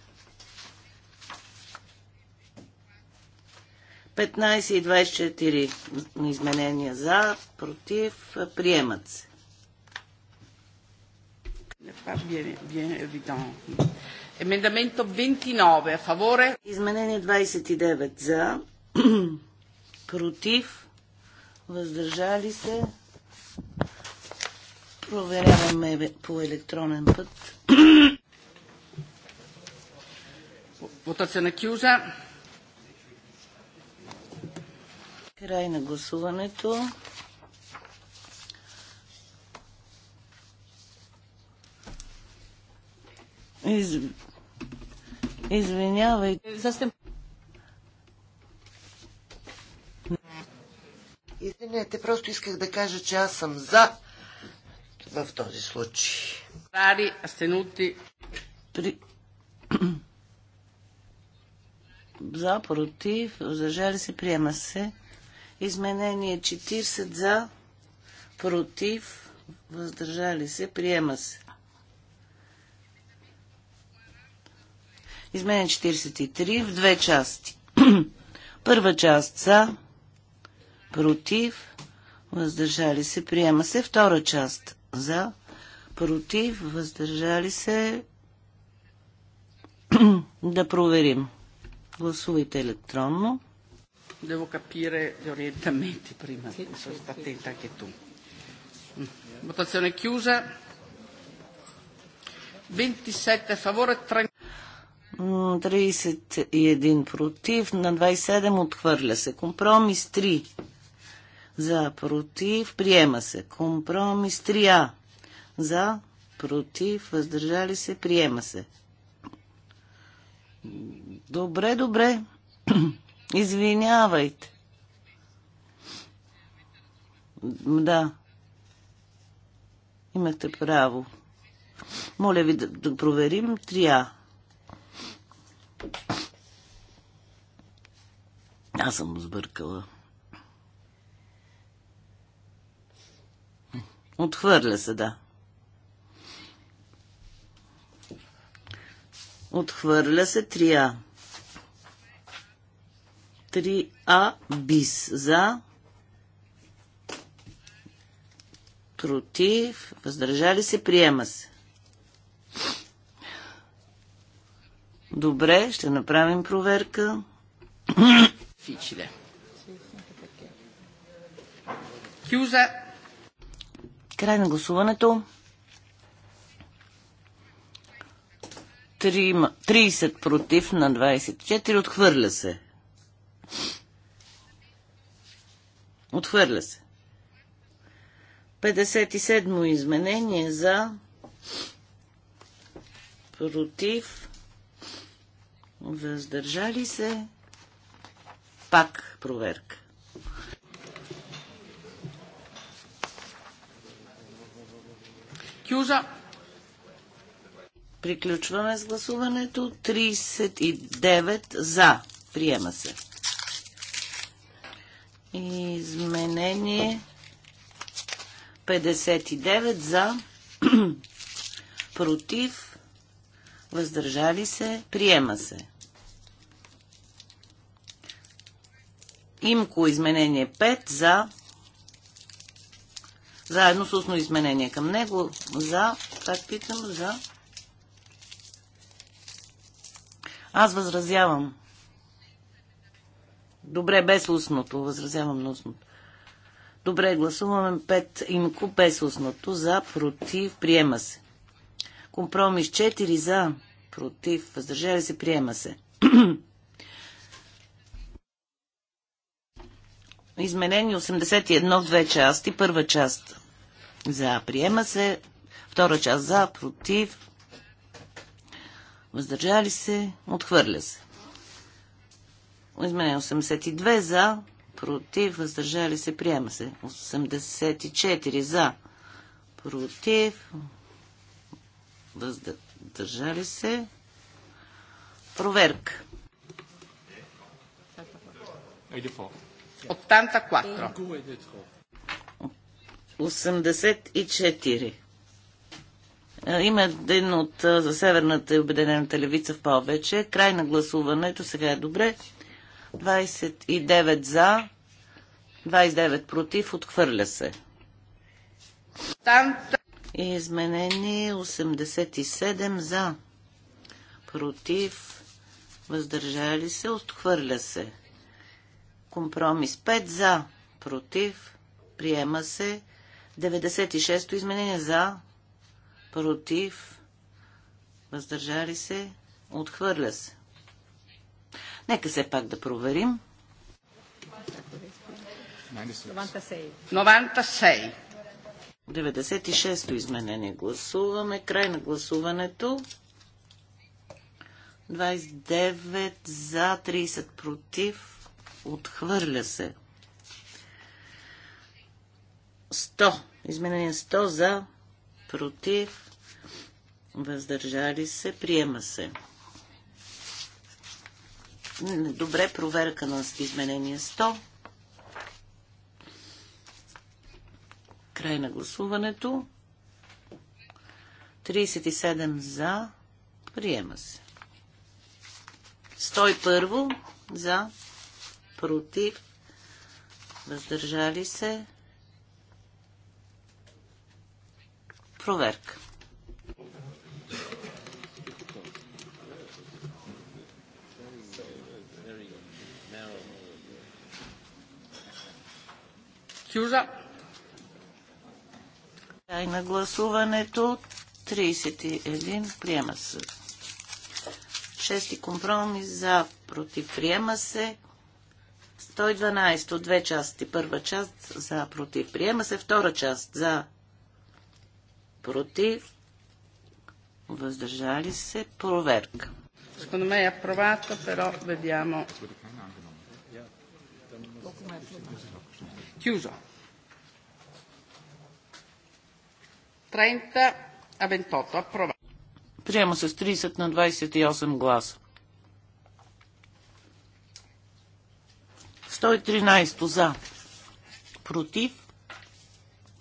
15 и 24 изменения за, против, приемат се. Emendamento 29 a favore. Изменение 29 за. Против. Въздържали се. Проверяваме е- по електронен път. Вотация на chiusa. Край на гласуването. Из... Извинявай. Извинете, просто исках да кажа, че аз съм за в този случай. Пари, астенути. При... за, против, въздържали се, приема се. Изменение 40 за, против, въздържали се, приема се. Изменен 43 в две части. Първа част са против, въздържали се, приема се. Втора част за, против, въздържали се. да проверим. Гласувайте електронно. Devo capire gli orientamenti prima, sì, sono sì, stata attenta sì. anche tu. Mm. Votazione chiusa. 27 a favore, 30. 31 против, на 27 отхвърля се. Компромис 3 за против, приема се. Компромис 3А за против, въздържали се, приема се. Добре, добре. Извинявайте. Да. Имате право. Моля ви да, да проверим 3А. Аз съм сбъркала. Отхвърля се, да. Отхвърля се 3А. 3А бис за против, въздържали се, приема се. Добре, ще направим проверка. Difficile. Chiusa. Край на гласуването. 30 против на 24. Отхвърля се. Отхвърля се. 57 изменение за против въздържали се пак проверка. Кюжа. Приключваме с гласуването. 39 за. Приема се. Изменение 59 за. Против. Въздържали се. Приема се. Имко изменение 5 за заедно с устно изменение към него за, как питам, за аз възразявам добре, без устното възразявам на устното добре, гласуваме 5 имко без устното за, против, приема се компромис 4 за против, въздържава се, приема се Изменени 81 в две части. Първа част за приема се, втора част за, против, въздържали се, отхвърля се. Изменени 82 за, против, въздържали се, приема се. 84 за, против, въздържали се. Проверка. Айде по. 84. 84. Има един от за Северната и Обединената левица в повече. Край на гласуването. Сега е добре. 29 за, 29 против. Отхвърля се. И изменени 87 за, против, въздържали се, отхвърля се. Компромис 5 за, против, приема се. 96-то изменение за, против, въздържали се, отхвърля се. Нека се пак да проверим. 96. 96-то изменение гласуваме. Край на гласуването. 29 за, 30 против. Отхвърля се. 100. Изменение 100 за, против, въздържали се, приема се. Добре, проверка на изменение 100. Край на гласуването. 37 за, приема се. 101 за, против, въздържали се. Проверка. Кюжа. на гласуването. 31. Приема се. Шести компромис за против. Приема се. 112 от две части. Първа част за против. Приема се втора част за против. Въздържали се. Проверка. Secondo me è però vediamo. Chiuso. 30 a 28, approvato. Приема се с 30 на 28 гласа. 113 за. Против.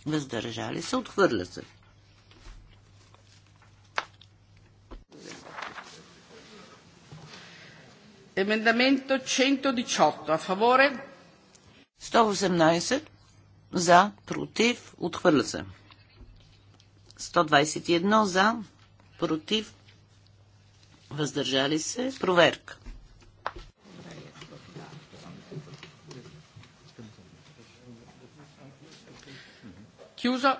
Въздържали се. Отхвърля се. Емендаменто 118. А фаворе? 118. За. Против. Отхвърля се. 121. За. Против. Въздържали се. Проверка. Chiuso.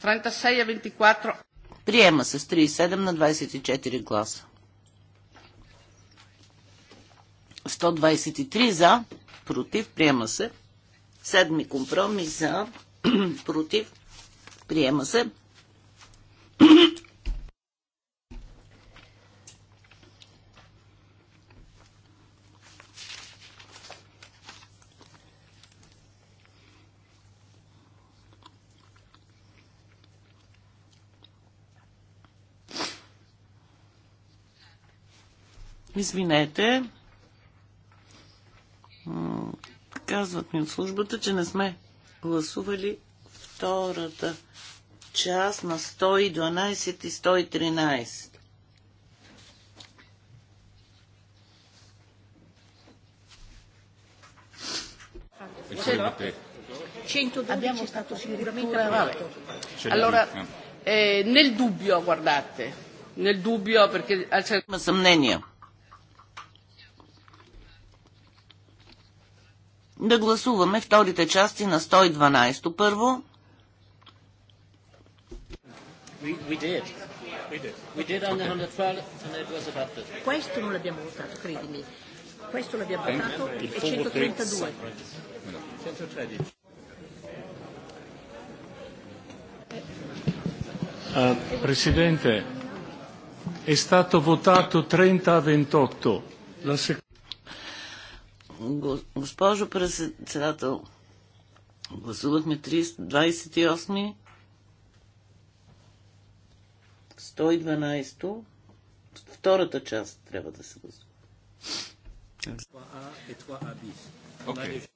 36 24. Приема се с 37 на 24 гласа. 123 за, против, приема се. Седми компромис за, против, приема се. Извинете. Казват ми от службата, че не сме гласували втората част на 112 и 113. Ce l'ho. 112 abbiamo stato sicuramente vabbè. Allora, eh, nel dubbio, guardate, nel dubbio perché... Ma съмнение. да гласуваме вторите части на 112 първо. Questo non l'abbiamo votato, credimi. Questo l'abbiamo votato Presidente, è stato votato 30 a 28. La Госпожо председател, гласувахме 28 112 Втората част трябва да се гласува. Okay.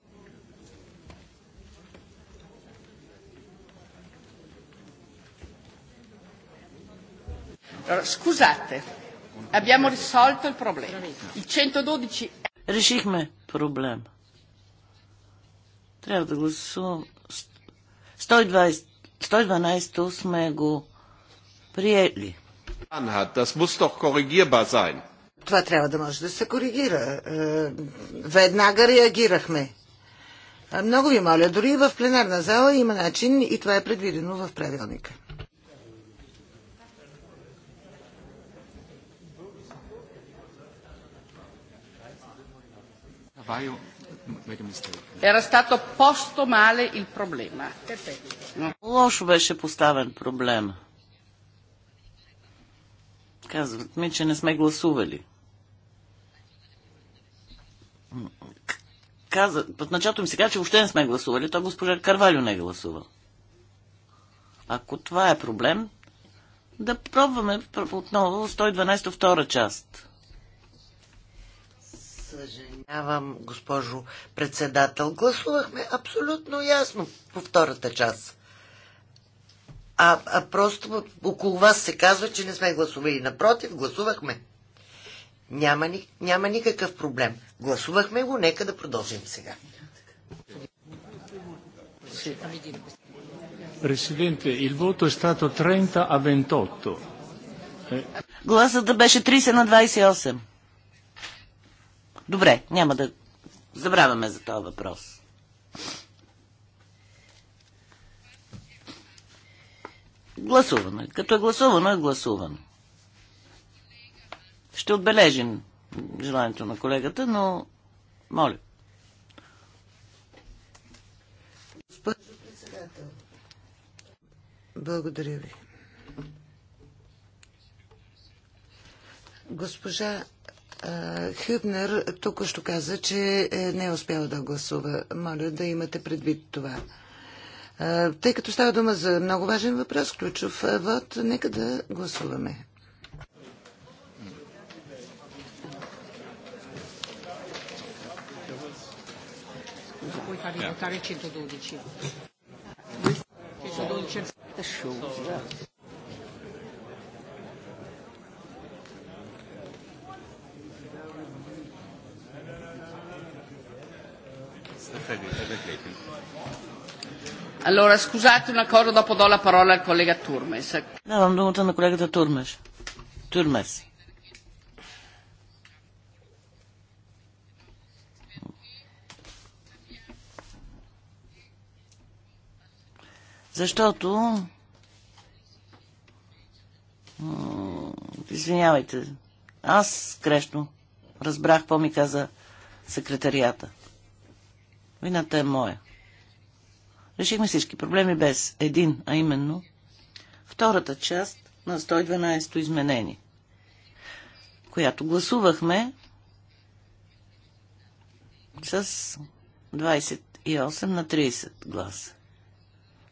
scusate, abbiamo risolto il problema. Il 112 Решихме проблем. Трябва да гласувам. 112 112 сме го приели. Това трябва да може да се коригира. Е, веднага реагирахме. Е, много ви моля, дори в пленарна зала има начин и това е предвидено в правилника. Era stato posto male il problema. Лошо беше поставен проблем. Казват ми, че не сме гласували. Каза, в началото ми се каза, че въобще не сме гласували, то госпожа Карвалю не е гласува. Ако това е проблем, да пробваме отново 112 втора част. Съжалявам, госпожо председател. Гласувахме абсолютно ясно по втората част. А, а просто около вас се казва, че не сме гласували. Напротив, гласувахме. Няма, няма никакъв проблем. Гласувахме го, нека да продължим сега. Президенте, il voto è stato 30 a 28. Гласът беше 30 на 28. Добре, няма да забравяме за този въпрос. Гласуваме. Като е гласувано, е гласувано. Ще отбележим желанието на колегата, но моля. Госпожо председател, благодаря ви. Госпожа Хюбнер тук що каза, че е, не е успяла да гласува. Моля да имате предвид това. Е, тъй като става дума за много важен въпрос, ключов е, вод, нека да гласуваме. Poi Allora, scusate dopo do la parola al collega Turmes. Защото... Извинявайте, аз грешно разбрах какво ми каза секретарията. Вината е моя. Решихме всички проблеми без един, а именно втората част на 112-то изменение, която гласувахме с 28 на 30 гласа.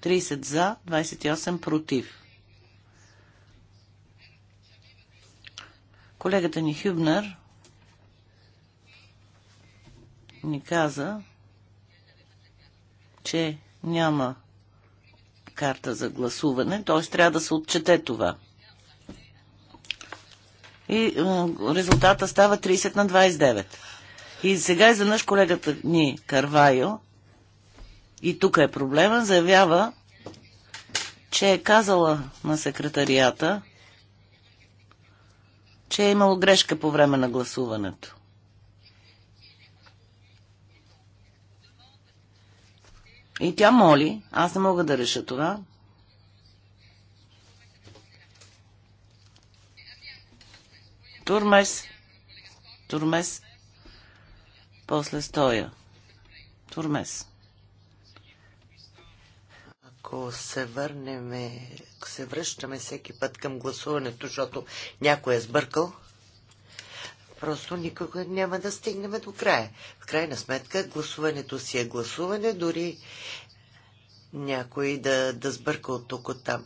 30 за, 28 против. Колегата ни Хюбнер ни каза, че няма карта за гласуване, т.е. трябва да се отчете това. И е, резултата става 30 на 29. И сега изведнъж колегата ни Карвайо, и тук е проблема, заявява, че е казала на секретарията, че е имало грешка по време на гласуването. И тя моли, аз не мога да реша това. Турмес. Турмес. После стоя. Турмес. Ако се върнем, ако се връщаме всеки път към гласуването, защото някой е сбъркал, просто никога няма да стигнем до края. В крайна сметка, гласуването си е гласуване, дори някой да, да сбърка от тук от там.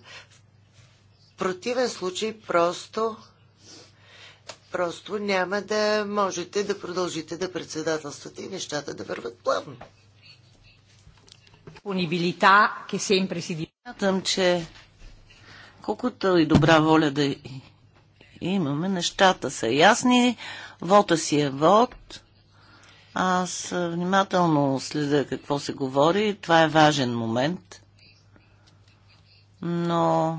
В противен случай просто просто няма да можете да продължите да председателствате и нещата да върват плавно. Смятам, че колкото и добра воля да имаме, нещата са ясни. Вота си е вод. Аз внимателно следя какво се говори. Това е важен момент. Но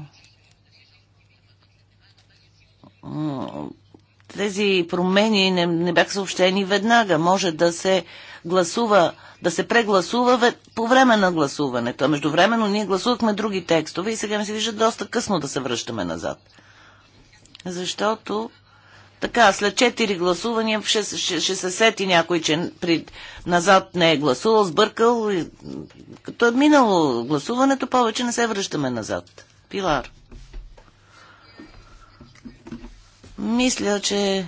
тези промени не, не бяха съобщени веднага. Може да се гласува, да се прегласува по време на гласуването. А междувременно ние гласувахме други текстове и сега ми се вижда доста късно да се връщаме назад. Защото така, след 4 гласувания ще, ще, ще се сети някой, че при, назад не е гласувал, сбъркал. И, като е минало гласуването, повече не се връщаме назад. Пилар. Мисля, че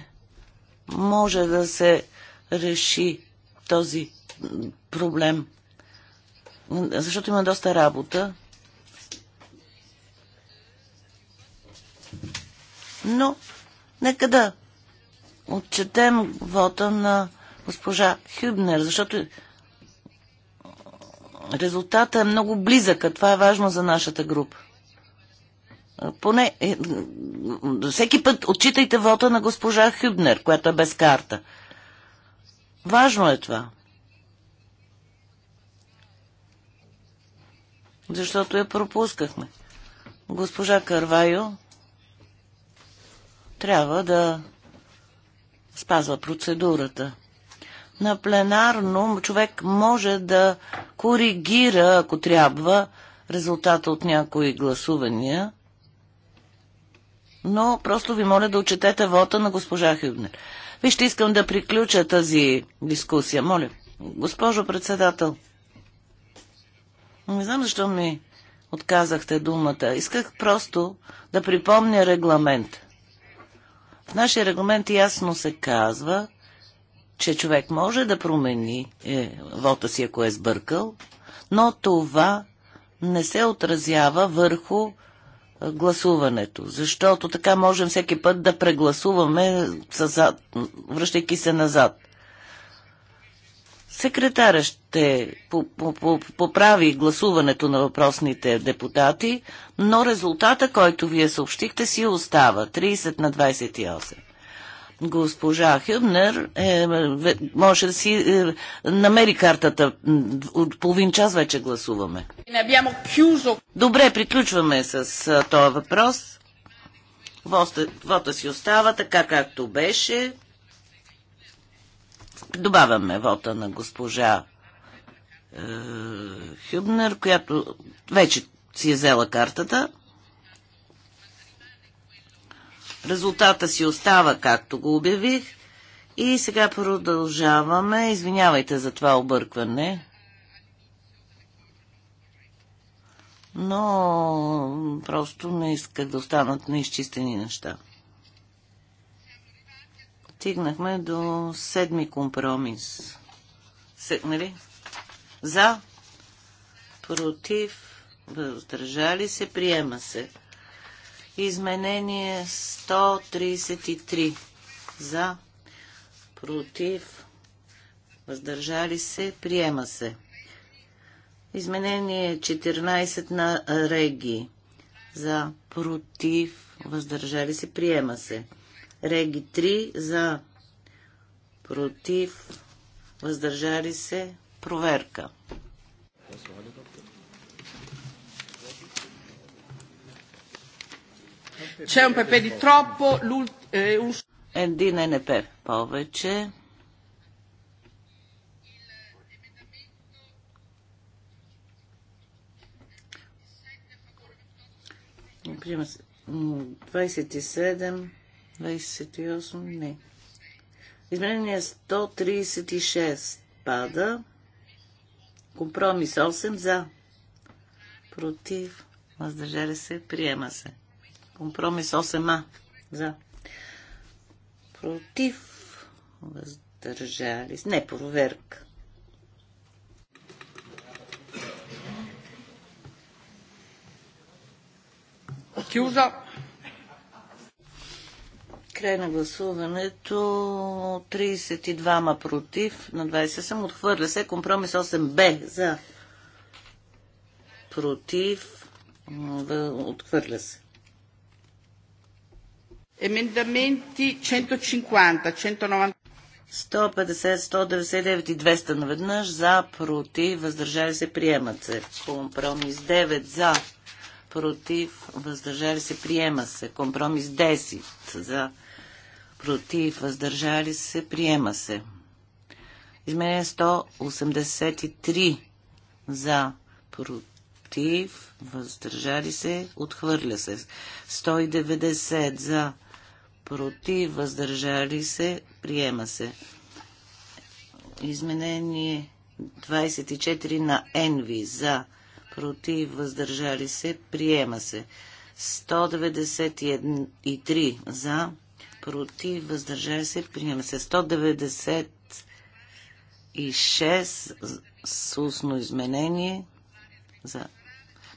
може да се реши този проблем. Защото има доста работа. Но Нека да отчетем вота на госпожа Хюбнер, защото резултата е много близък, а това е важно за нашата група. Поне, е, всеки път отчитайте вота на госпожа Хюбнер, която е без карта. Важно е това. Защото я пропускахме. Госпожа Карвайо, трябва да спазва процедурата. На пленарно човек може да коригира, ако трябва, резултата от някои гласувания, но просто ви моля да отчетете вота на госпожа Хюбнер. Вижте, искам да приключа тази дискусия. Моля, госпожо председател, не знам защо ми отказахте думата. Исках просто да припомня регламента. В нашия регламент ясно се казва, че човек може да промени е, вота си, ако е сбъркал, но това не се отразява върху е, гласуването, защото така можем всеки път да прегласуваме, съзад, връщайки се назад. Секретаря ще поправи гласуването на въпросните депутати, но резултата, който вие съобщихте, си остава 30 на 28 госпожа Хюбнер е, може да си е, намери картата. От половин час вече гласуваме. Добре, приключваме с а, е, този въпрос. Вота, вота си остава така, както беше добавяме вота на госпожа е, Хюбнер, която вече си е взела картата. Резултата си остава, както го обявих. И сега продължаваме. Извинявайте за това объркване. Но просто не исках да останат неизчистени неща стигнахме до седми компромис. Се, нали? За, против, въздържали се, приема се. Изменение 133. За, против, въздържали се, приема се. Изменение 14 на Реги. За, против, въздържали се, приема се. Реги 3 за против, въздържали се, проверка. C'è un pepe di troppo, eh, Един НП повече. Пример 27 28 не. Изменение 136 пада. Компромис 8 за. Против. Въздържали се. Приема се. Компромис 8а за. Против. Въздържали се. Не, проверка. Кюза. Край на гласуването 32 против на 27. Отхвърля се компромис 8Б за против. Отхвърля се. Емендаменти 150, 190. 150, 199 и 200 наведнъж за, против, въздържали се, приемат се. Компромис 9 за, против, въздържали се, приема се. Компромис 10 за, против, въздържали се, приема се. Изменение 183 за, против, въздържали се, отхвърля се. 190 за, против, въздържали се, приема се. Изменение 24 на Енви за, против, въздържали се, приема се. 193 за, против, въздържали се, приема се 196 с устно изменение за...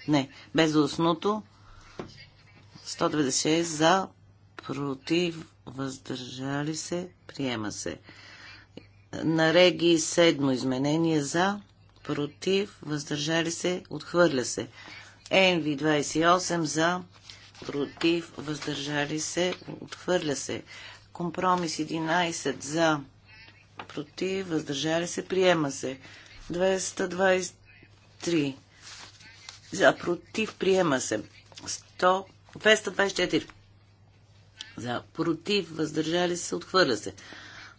Не, без устното 196 за, против, въздържали се, приема се. На реги седмо изменение за, против, въздържали се, отхвърля се. Енви 28 за, против, въздържали се, отхвърля се. Компромис 11 за, против, въздържали се, приема се. 223 за, против, приема се. 100, 224 за, против, въздържали се, отхвърля се.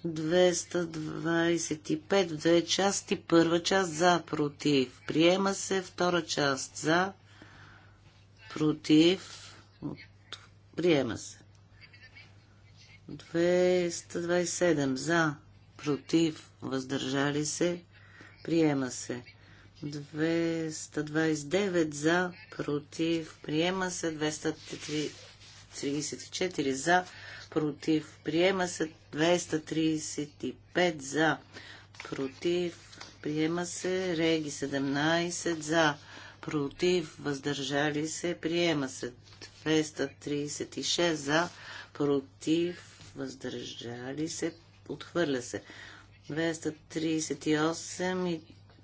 225 в две части. Първа част за, против. Приема се. Втора част за, против. Приема се. 227 за, против, въздържали се, приема се. 229 за, против, приема се. 234 за, против, приема се. 235 за, против, приема се. Реги 17 за, против, въздържали се, приема се. 236 за, против, въздържали се, отхвърля се. 238 и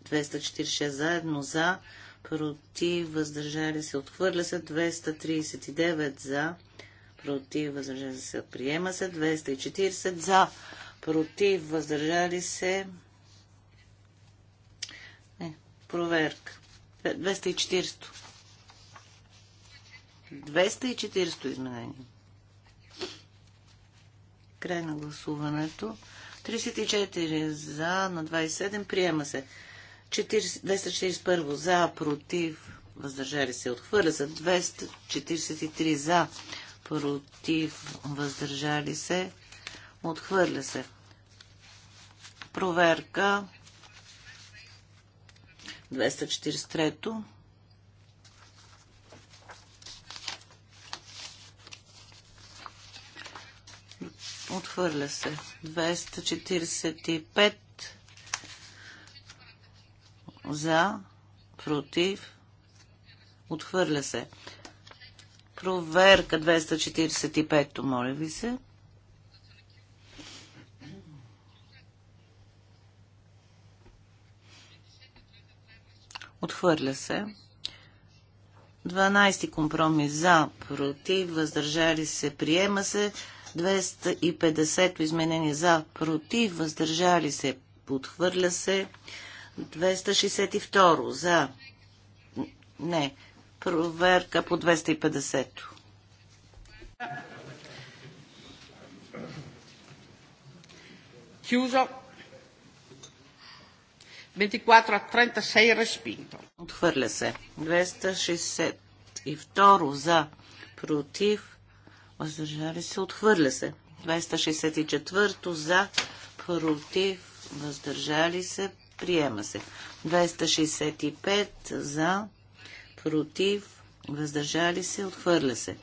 246 заедно за, против, въздържали се, отхвърля се. 239 за, против, въздържали се, приема се. 240 за, против, въздържали се. Не, проверка. 240. 240 изменение. Край на гласуването. 34 за на 27. Приема се. 40, 241 за, против, въздържали се. Отхвърля се. 243 за, против, въздържали се. Отхвърля се. Проверка. 243. Отхвърля се. 245 за, против. Отхвърля се. Проверка 245-то, моля ви се. Отхвърля се. 12 компромис за, против, въздържали се, приема се. 250 изменение за, против, въздържали се, подхвърля се. 262 за. Не. Проверка по 250. Chiuso. 24 a 36 respinto. Отхвърля се. 262 за. Против въздържали се, отхвърля се. 264 за, против, въздържали се, приема се. 265 за, против, въздържали се, отхвърля се.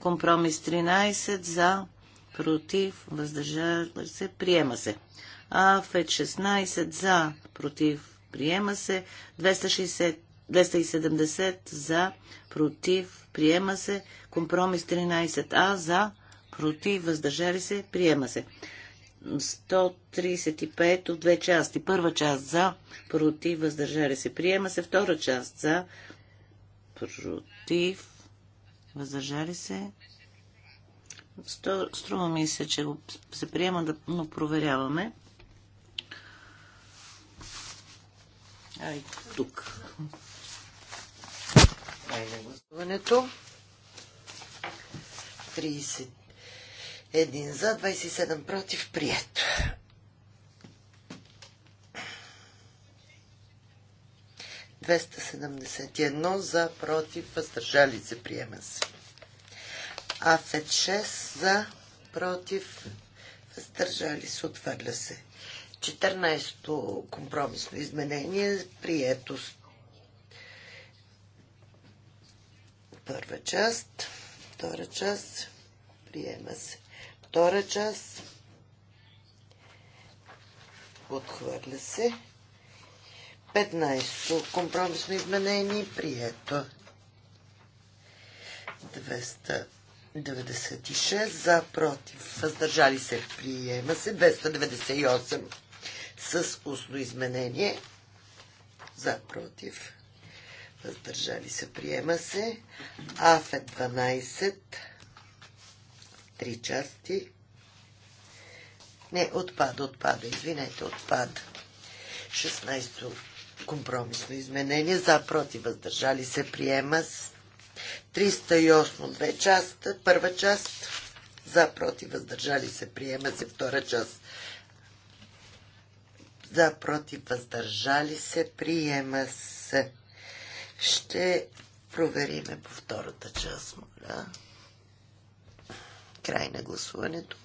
Компромис 13 за, против, въздържали се, приема се. АФ 16 за, против, приема се. 260 270 за, против, приема се. Компромис 13а за, против, въздържали се, приема се. 135 от две части. Първа част за, против, въздържали се, приема се. Втора част за, против, въздържали се. Струва ми се, че се приема, да, но проверяваме. Ай, тук. Край на гласуването. 31 за, 27 против. Прието. за, против, въздържали се, приема се. Афет 6 за, против, въздържали се, отвърля се. 14-то компромисно изменение, прието Първа част. Втора част. Приема се. Втора част. Отхвърля се. 15. Компромисно изменение. Прието. 296 за против. Въздържали се. Приема се. 298 с устно изменение. За против въздържали се, приема се. Афет 12, три части. Не, отпада, отпада, извинете, отпада. 16-то компромисно изменение, за, против, въздържали се, приема с 308, две часта, първа част, за, против, въздържали се, приема се, втора част, за, против, въздържали се, приема се. Ще провериме по втората част, моля. Край на гласуването.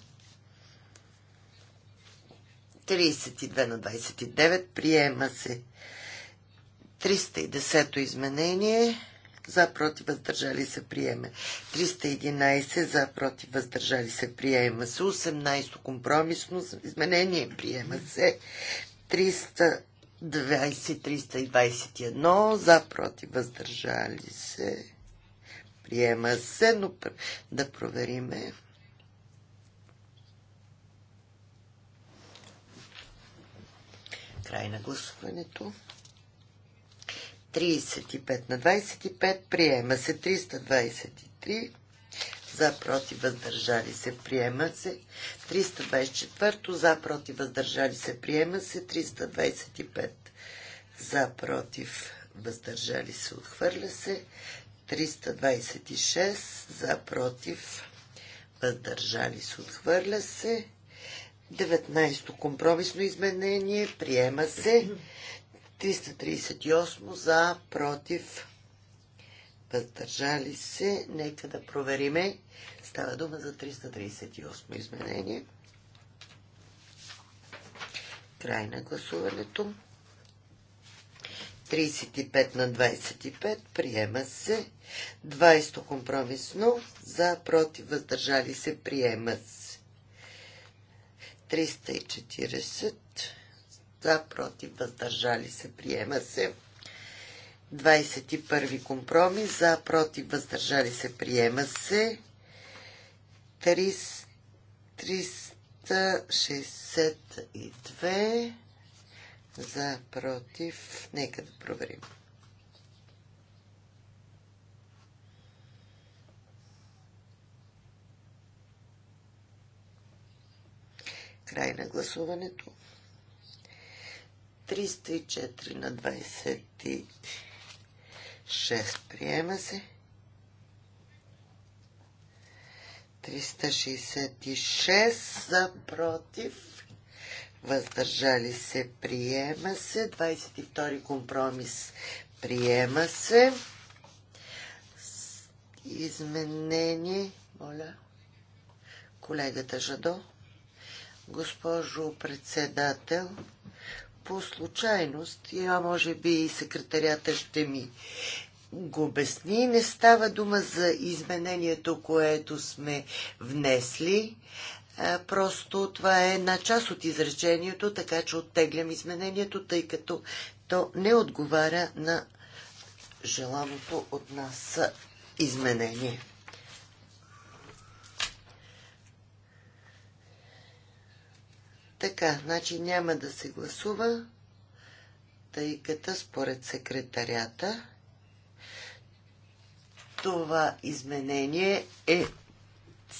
32 на 29. Приема се 310-то изменение. За против въздържали се приеме. 311 за против въздържали се приема се. 18 компромисно изменение приема се. 300 2321. за против въздържали се. Приема се, но да провериме. Край на гласуването. 35 на 25 приема се 323 за против въздържали се приема се. 324 за против въздържали се приема се. 325 за против въздържали се отхвърля се. 326 за против въздържали се отхвърля се. 19 компромисно изменение приема се. 338 за против въздържали се. Нека да провериме. Става дума за 338 изменение. Край на гласуването. 35 на 25. Приема се. 20 компромисно. За, против, въздържали се. Приема се. 340. За, против, въздържали се. Приема се. 21 компромис. За, против, въздържали се, приема се. 362 за, против. Нека да проверим. Край на гласуването. 304 на 20. 6 приема се. 366 за против. Въздържали се, приема се. 22 компромис, приема се. Изменение, моля. Колегата Жадо. Госпожо председател, по случайност, и а може би и секретарята ще ми го обясни, не става дума за изменението, което сме внесли. просто това е една част от изречението, така че оттеглям изменението, тъй като то не отговаря на желаното от нас изменение. Така, значи няма да се гласува, тъй като според секретарята това изменение е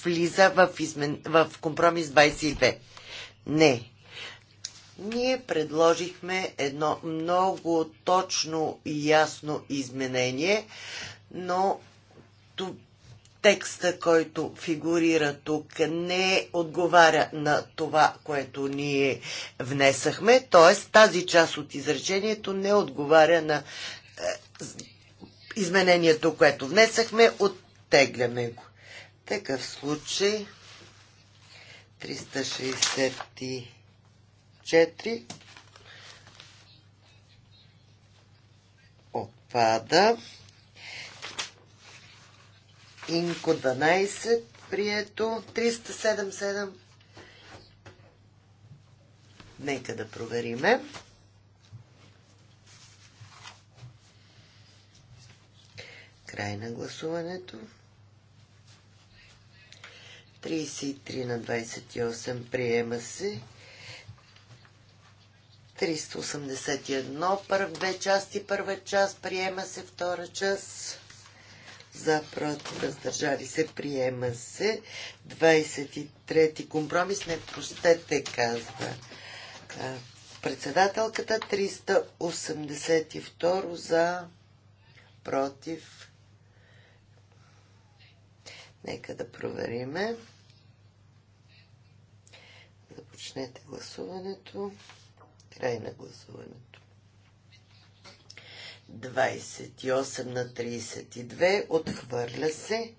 влиза в, измен... в компромис 22. Не. Ние предложихме едно много точно и ясно изменение, но текста, който фигурира тук, не отговаря на това, което ние внесахме, т.е. тази част от изречението не отговаря на е, изменението, което внесахме, оттегляме го. Такъв случай 364 отпада. Инко 12, прието 377. Нека да провериме. Край на гласуването. 33 на 28 приема се. 381 първ две части, първа част приема се, втора част за против въздържали се приема се. 23 компромис не простете, казва председателката. 382 за против. Нека да провериме. Започнете гласуването. Край на гласуването. 28 на 32 отхвърля се.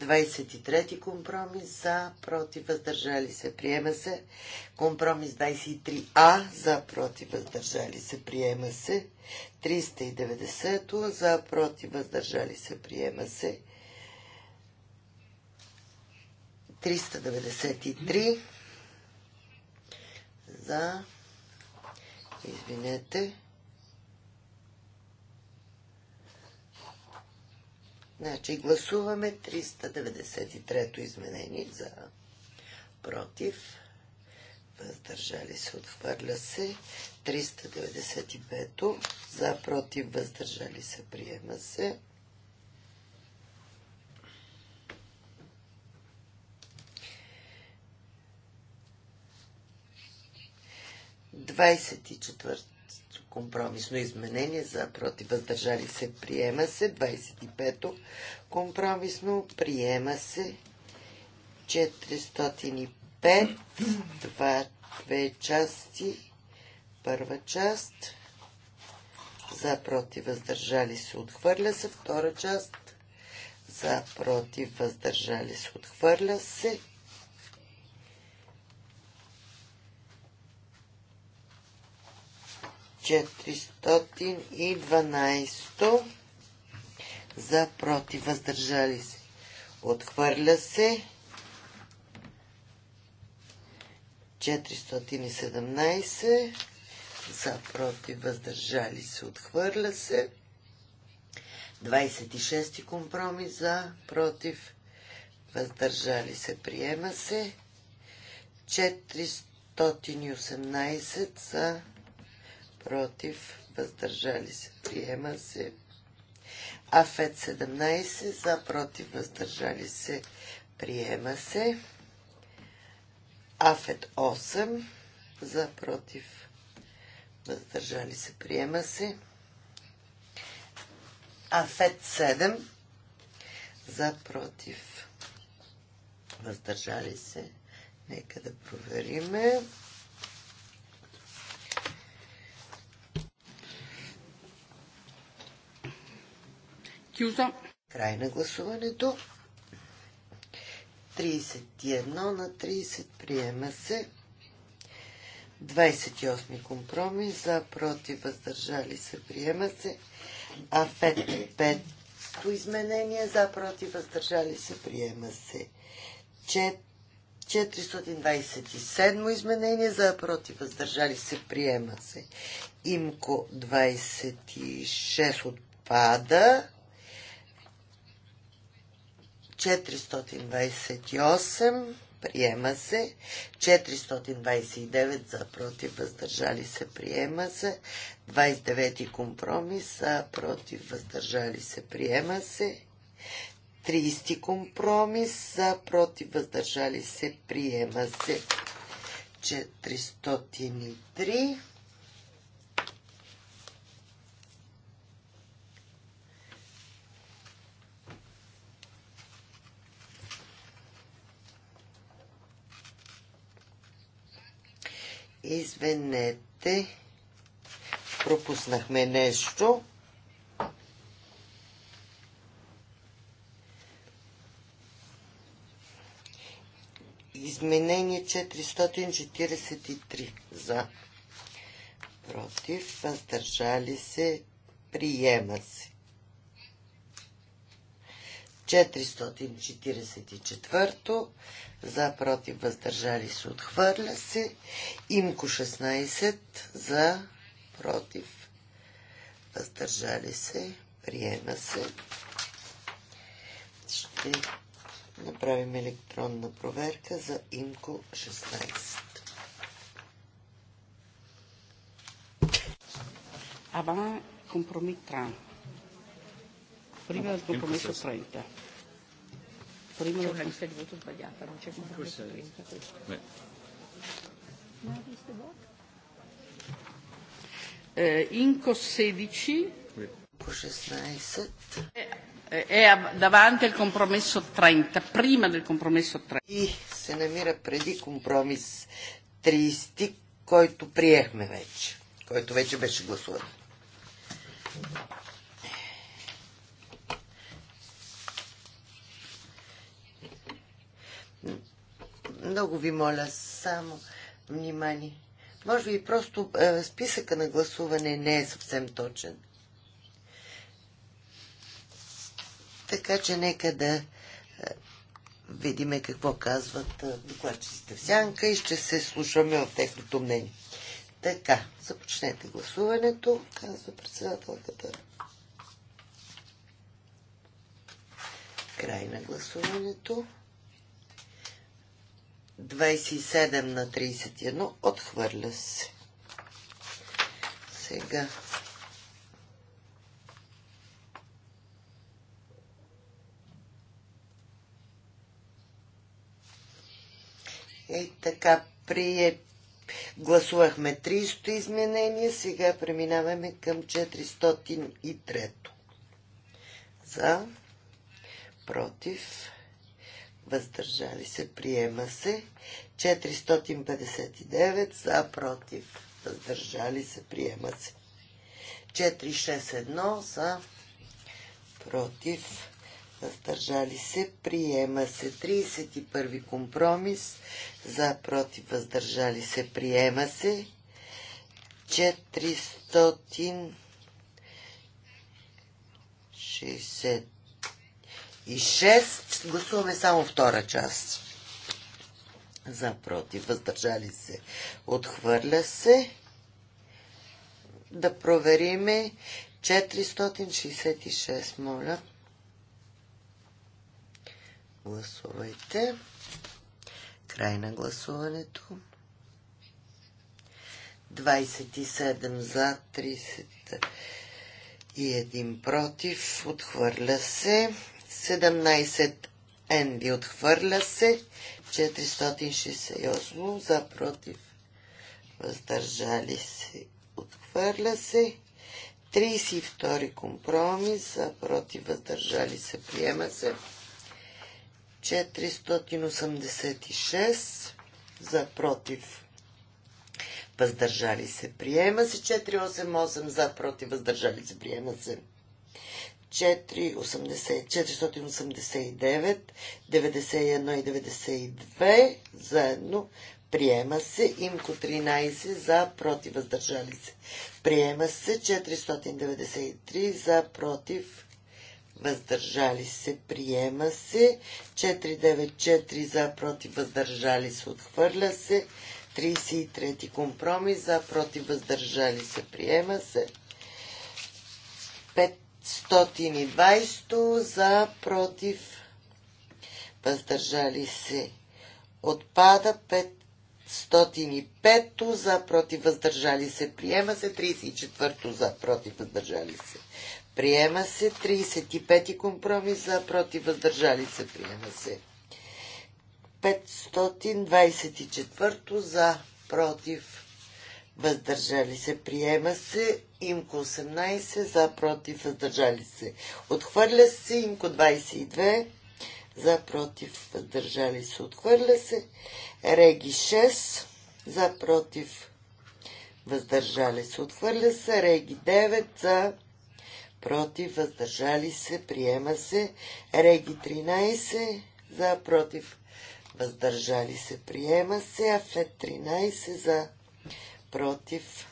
23 компромис за, против, въздържали се, приема се. Компромис 23А за, против, въздържали се, приема се. 390 за, против, въздържали се, приема се. 393 за, извинете, Значи гласуваме 393-то изменение за против. Въздържали се, отхвърля се. 395-то за против, въздържали се, приема се. Двадесет и четвърт компромисно изменение за против въздържали се приема се. 25-то компромисно приема се. 405 два, две части. Първа част за против въздържали се отхвърля се. Втора част за против въздържали се отхвърля се. 412 за против въздържали се. Отхвърля се 417 за против въздържали се. Отхвърля се 26 компромис за против въздържали се. Приема се 418 за против, въздържали се, приема се. Афет 17 за, против, въздържали се, приема се. Афет 8 за, против, въздържали се, приема се. Афет 7 за, против, въздържали се. Нека да провериме. Кюза. Край на гласуването. 31 на 30 приема се. 28 компромис за против въздържали се приема се. А 5 то изменение за против въздържали се приема се. 427 изменение за против въздържали се приема се. Имко 26 отпада. 428 приема се. 429 за против въздържали се приема се. 29 компромис за против въздържали се приема се. 30 компромис за против въздържали се приема се. 403 Извинете, пропуснахме нещо. Изменение 443 за против, въздържали се, приема се. 444 за против въздържали се отхвърля се. Имко 16 за против въздържали се приема се. Ще направим електронна проверка за имко 16. Aba compromitrant prima del compromesso 30. Prima c'è una lista di voto sbagliata, non c'è il compromesso 30. Eh, Inco 16 è davanti al compromesso 30, prima del compromesso 30. И се намира преди компромис 30, който приехме вече, който вече беше гласуван. Много ви моля, само внимание. Може би просто е, списъка на гласуване не е съвсем точен. Така че нека да е, видиме какво казват е, докладчиците в сянка и ще се слушаме от техното мнение. Така, започнете гласуването, казва председателката. Край на гласуването. 27 на 31 отхвърля се. Сега. И така, прие... гласувахме 300 изменения, сега преминаваме към 403. За, против, въздържали се, приема се. 459 за, против, въздържали се, приема се. 461 за, против, въздържали се, приема се. 31 компромис за, против, въздържали се, приема се. 460 106. Гласуваме само втора част. За, против, въздържали се. Отхвърля се. Да провериме 466, моля. Гласувайте. Край на гласуването. 27 за, 30 и против. Отхвърля се. 17 Енви отхвърля се. 468 за против. Въздържали се. Отхвърля се. 32 компромис за против. Въздържали се. Приема се. 486 за против. Въздържали се. Приема се. 488 за против. Въздържали се. Приема се. 489, 91 и 92 заедно. Приема се. Имко 13 за, против, въздържали се. Приема се. 493 за, против, въздържали се. Приема се. 494 за, против, въздържали се. Отхвърля се. 33 компромис за, против, въздържали се. Приема се. 120 за против въздържали се отпада 505 за против въздържали се приема се 34 за против въздържали се приема се 35 компромис за против въздържали се приема се 524 за против въздържали се приема се Имко 18, за, против, въздържали се. Отхвърля се. Имко 22, за, против, въздържали се. Отхвърля се. Реги 6, за, против, въздържали се. Отхвърля се. Реги 9, за, против, въздържали се. Приема се. Реги 13, за, против, въздържали се. Приема се. Афет 13, за, против,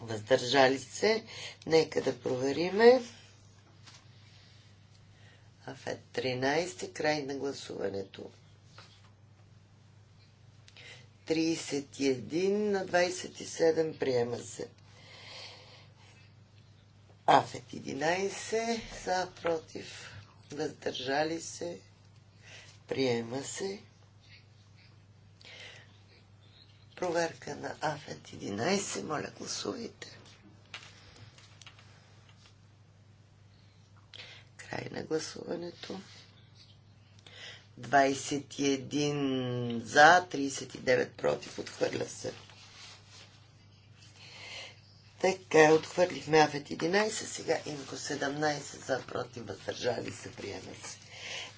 въздържали се. Нека да провериме. Афет 13, край на гласуването. 31 на 27 приема се. Афет 11 са против въздържали се. Приема се. Проверка на АФЕТ 11. Моля, гласувайте. Край на гласуването. 21 за, 39 против. Отхвърля се. Така, отхвърлихме АФЕТ 11, сега имко 17 за, против, въздържали се, приема се.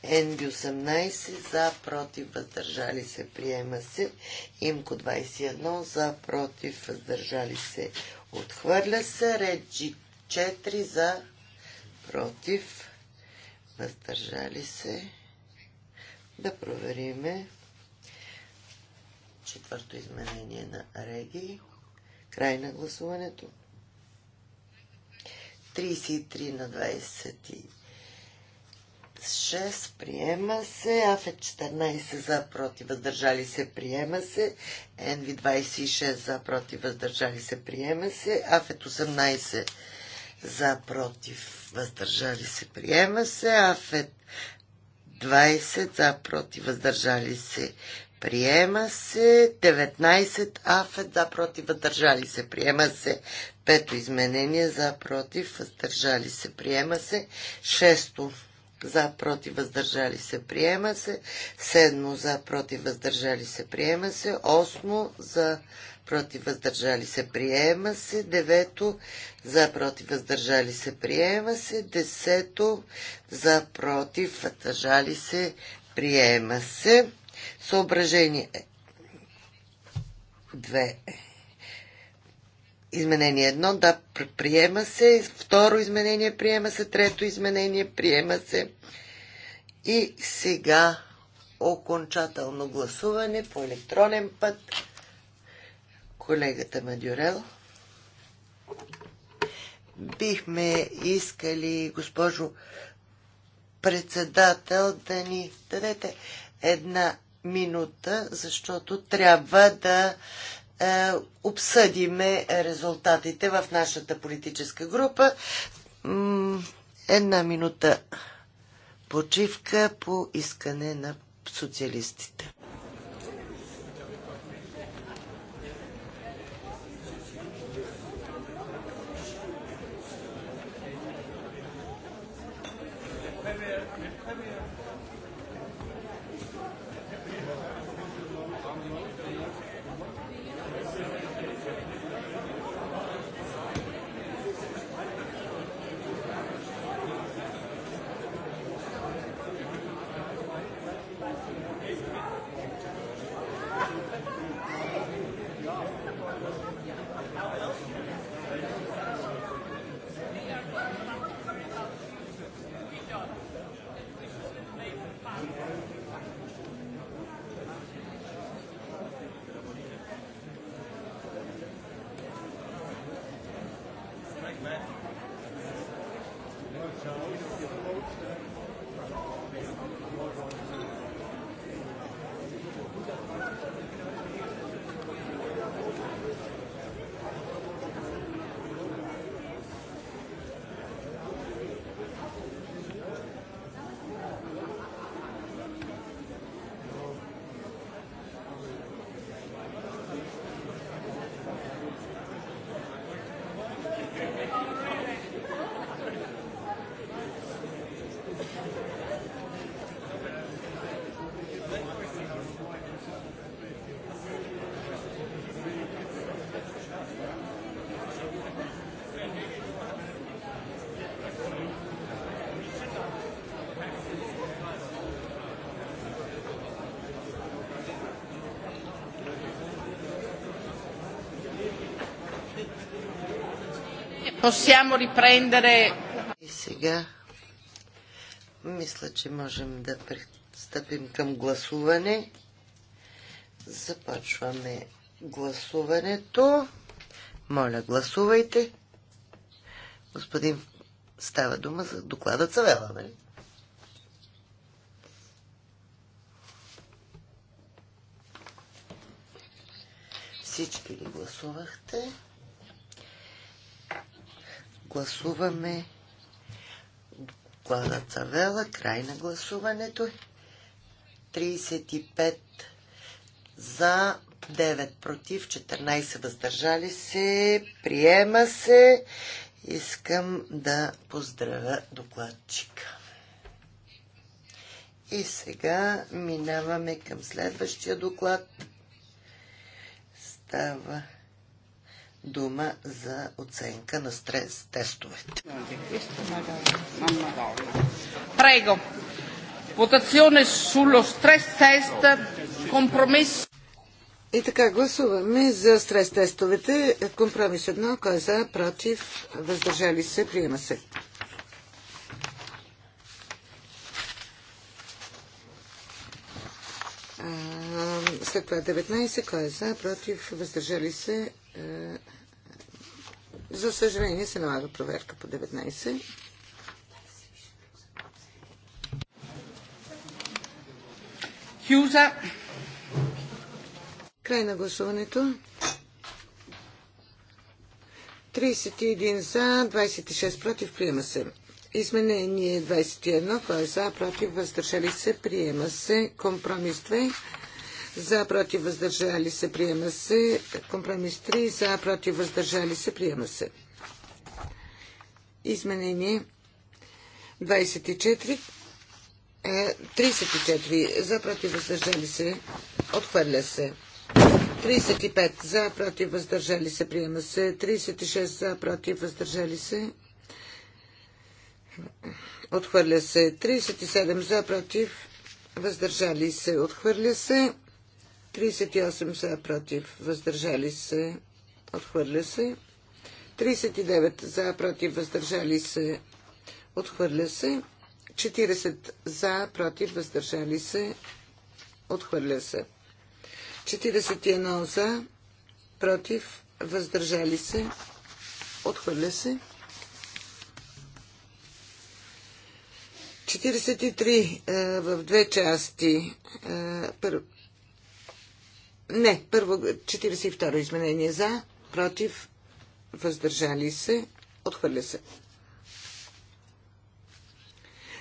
NB18 за против въздържали се приема се. Имко 21 за против въздържали се отхвърля се. Реджи 4 за против въздържали се. Да провериме четвърто изменение на Реги. Край на гласуването. 33 на 20. 6 приема се, АФЕ 14 за против въздържали се приема се, НВ 26 за против въздържали се приема се, АФЕ 18 за против въздържали се приема се, АФЕ 20 за против въздържали се Приема се 19 афет за против въздържали се. Приема се пето изменение за против въздържали се. Приема се шесто за против въздържали се приема се. Седмо за против въздържали се приема се. Осмо за против въздържали се приема се. Девето за против въздържали се приема се. Десето за против въздържали се приема се. Съображение 2 е. Изменение едно, да, приема се. Второ изменение, приема се. Трето изменение, приема се. И сега окончателно гласуване по електронен път. Колегата Мадюрел. Бихме искали, госпожо председател, да ни дадете една минута, защото трябва да е, обсъдиме резултатите в нашата политическа група. Една минута почивка по искане на социалистите. Possiamo riprendere. И сега мисля, че можем да пристъпим към гласуване. Започваме гласуването. Моля, гласувайте. Господин, става дума за докладът Савела, нали? Всички ли гласувахте? Гласуваме доклада Цавела, край на гласуването. 35 за, 9 против, 14 въздържали се. Приема се. Искам да поздравя докладчика. И сега минаваме към следващия доклад. Става дума за оценка на стрес тестовете. Прего. Потационе sullo стрес тест компромис. И така, гласуваме за стрес тестовете. Компромис едно, кой е за, против, въздържали се, приема се. След това 19, кой е за, против, въздържали се, е, за съжаление се налага проверка по 19. Хюза. Край на гласуването. 31 за, 26 против, приема се. Изменение 21, кой е за, против, въздържали се, приема се. Компромис 2, за против въздържали се приема се. Компромис 3 за против въздържали се приема се. Изменение 24 е 34 за против въздържали се отхвърля се. 35 за против въздържали се приема се. 36 за против въздържали се. Отхвърля се 37 за против, въздържали се. Отхвърля се 38 са против, въздържали се, отхвърля се. 39 за, против, въздържали се, отхвърля се. 40 за, против, въздържали се, отхвърля се. 41 за, против, въздържали се, отхвърля се. 43 е, в две части. Е, не, първо 42 изменение за, против, въздържали се, отхвърля се.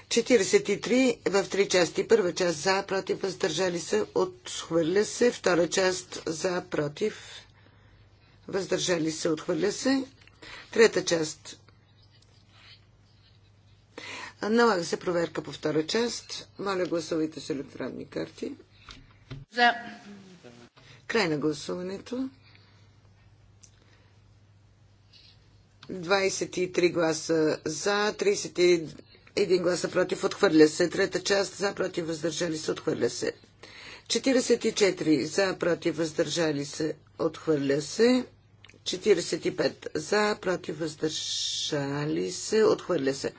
43 в три части. Първа част за, против, въздържали се, отхвърля се. Втора част за, против, въздържали се, отхвърля се. Трета част. Налага се проверка по втора част. Моля, гласувайте с електронни карти. За. Край на гласуването. 23 гласа за, 31 гласа против, отхвърля се. Трета част за, против, въздържали се, отхвърля се. 44 за, против, въздържали се, отхвърля се. 45 за, против, въздържали се, отхвърля се.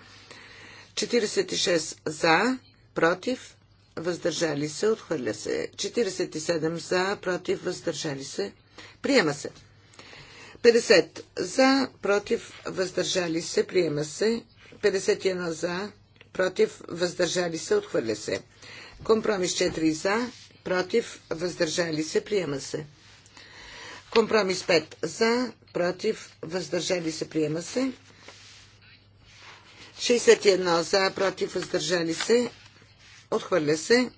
46 за, против, въздържали се, отхвърля се. 47 за, против, въздържали се, приема се. 50 за, против, въздържали се, приема се. 51 за, против, въздържали се, отхвърля се. Компромис 4 за, против, въздържали се, приема се. Компромис 5 за, против, въздържали се, приема се. 61 за, против, въздържали се, Отхвърля се.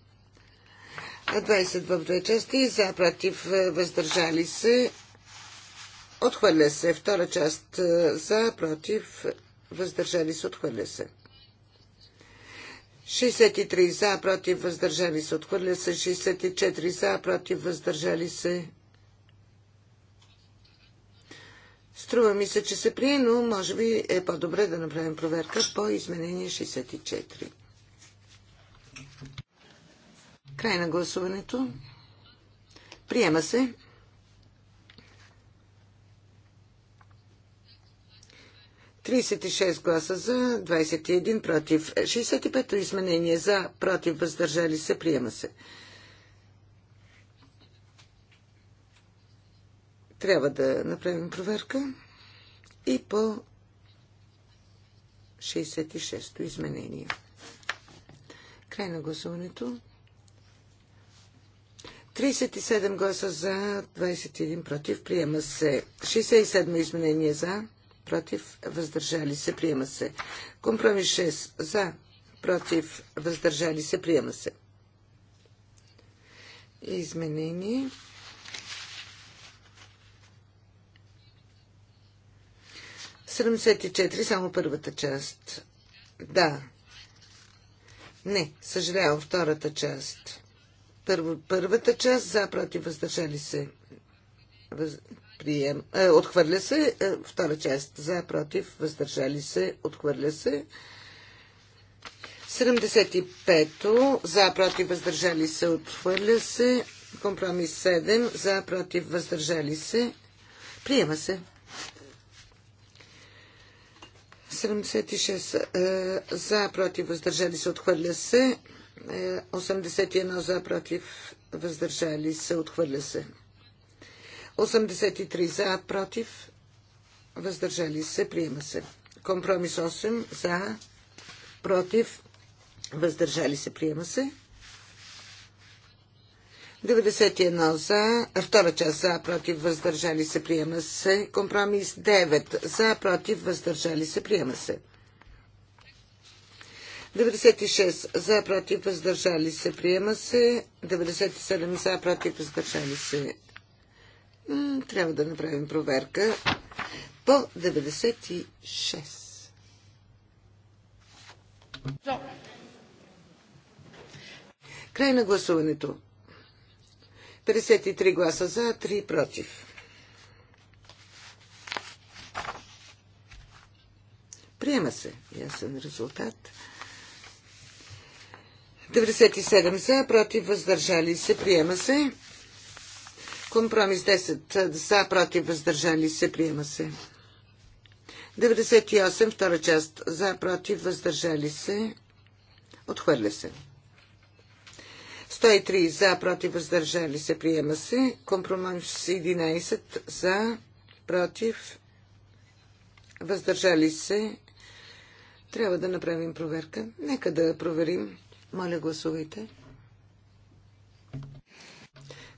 20 в две части. За, против, въздържали се. Отхвърля се. Втора част. Е, за, против, въздържали се. Отхвърля се. 63 за, против, въздържали се. Отхвърля се. 64 за, против, въздържали се. Струва ми се, че се прие, но може би е по-добре да направим проверка по изменение 64. Край на гласуването. Приема се. Тридесет и шест гласа за, 21 против. 65 изменение за, против, въздържали се, приема се. Трябва да направим проверка и по 66-то изменение. Край на гласуването. 37 гласа за, 21 против, приема се. 67 изменение за, против, въздържали се, приема се. Компромис 6 за, против, въздържали се, приема се. Изменение. Седемдесет четири, само първата част. Да. Не, съжалявам, втората част. Първо, първата част за против въздържали се. Въз... Прием. Е, отхвърля се. Е, втора част за против въздържали се. Отхвърля се. 75-то за против въздържали се. Отхвърля се. Компромис 7 за против въздържали се. Приема се. 76 е, за против въздържали се. Отхвърля се. 81 за, против, въздържали се, отхвърля се. 83 за, против, въздържали се, приема се. Компромис 8 за, против, въздържали се, приема се. 91 за, втора част за, против, въздържали се, приема се. Компромис 9 за, против, въздържали се, приема се. 96 за против въздържали се. Приема се. 97 за против въздържали се. Трябва да направим проверка по 96. Край на гласуването. 53 гласа за, 3 против. Приема се ясен резултат. 97 за, против, въздържали се, приема се. Компромис 10 за, против, въздържали се, приема се. 98, втора част, за, против, въздържали се, отхвърля се. 103 за, против, въздържали се, приема се. Компромис 11 за, против, въздържали се. Трябва да направим проверка. Нека да проверим. Моля, гласувайте.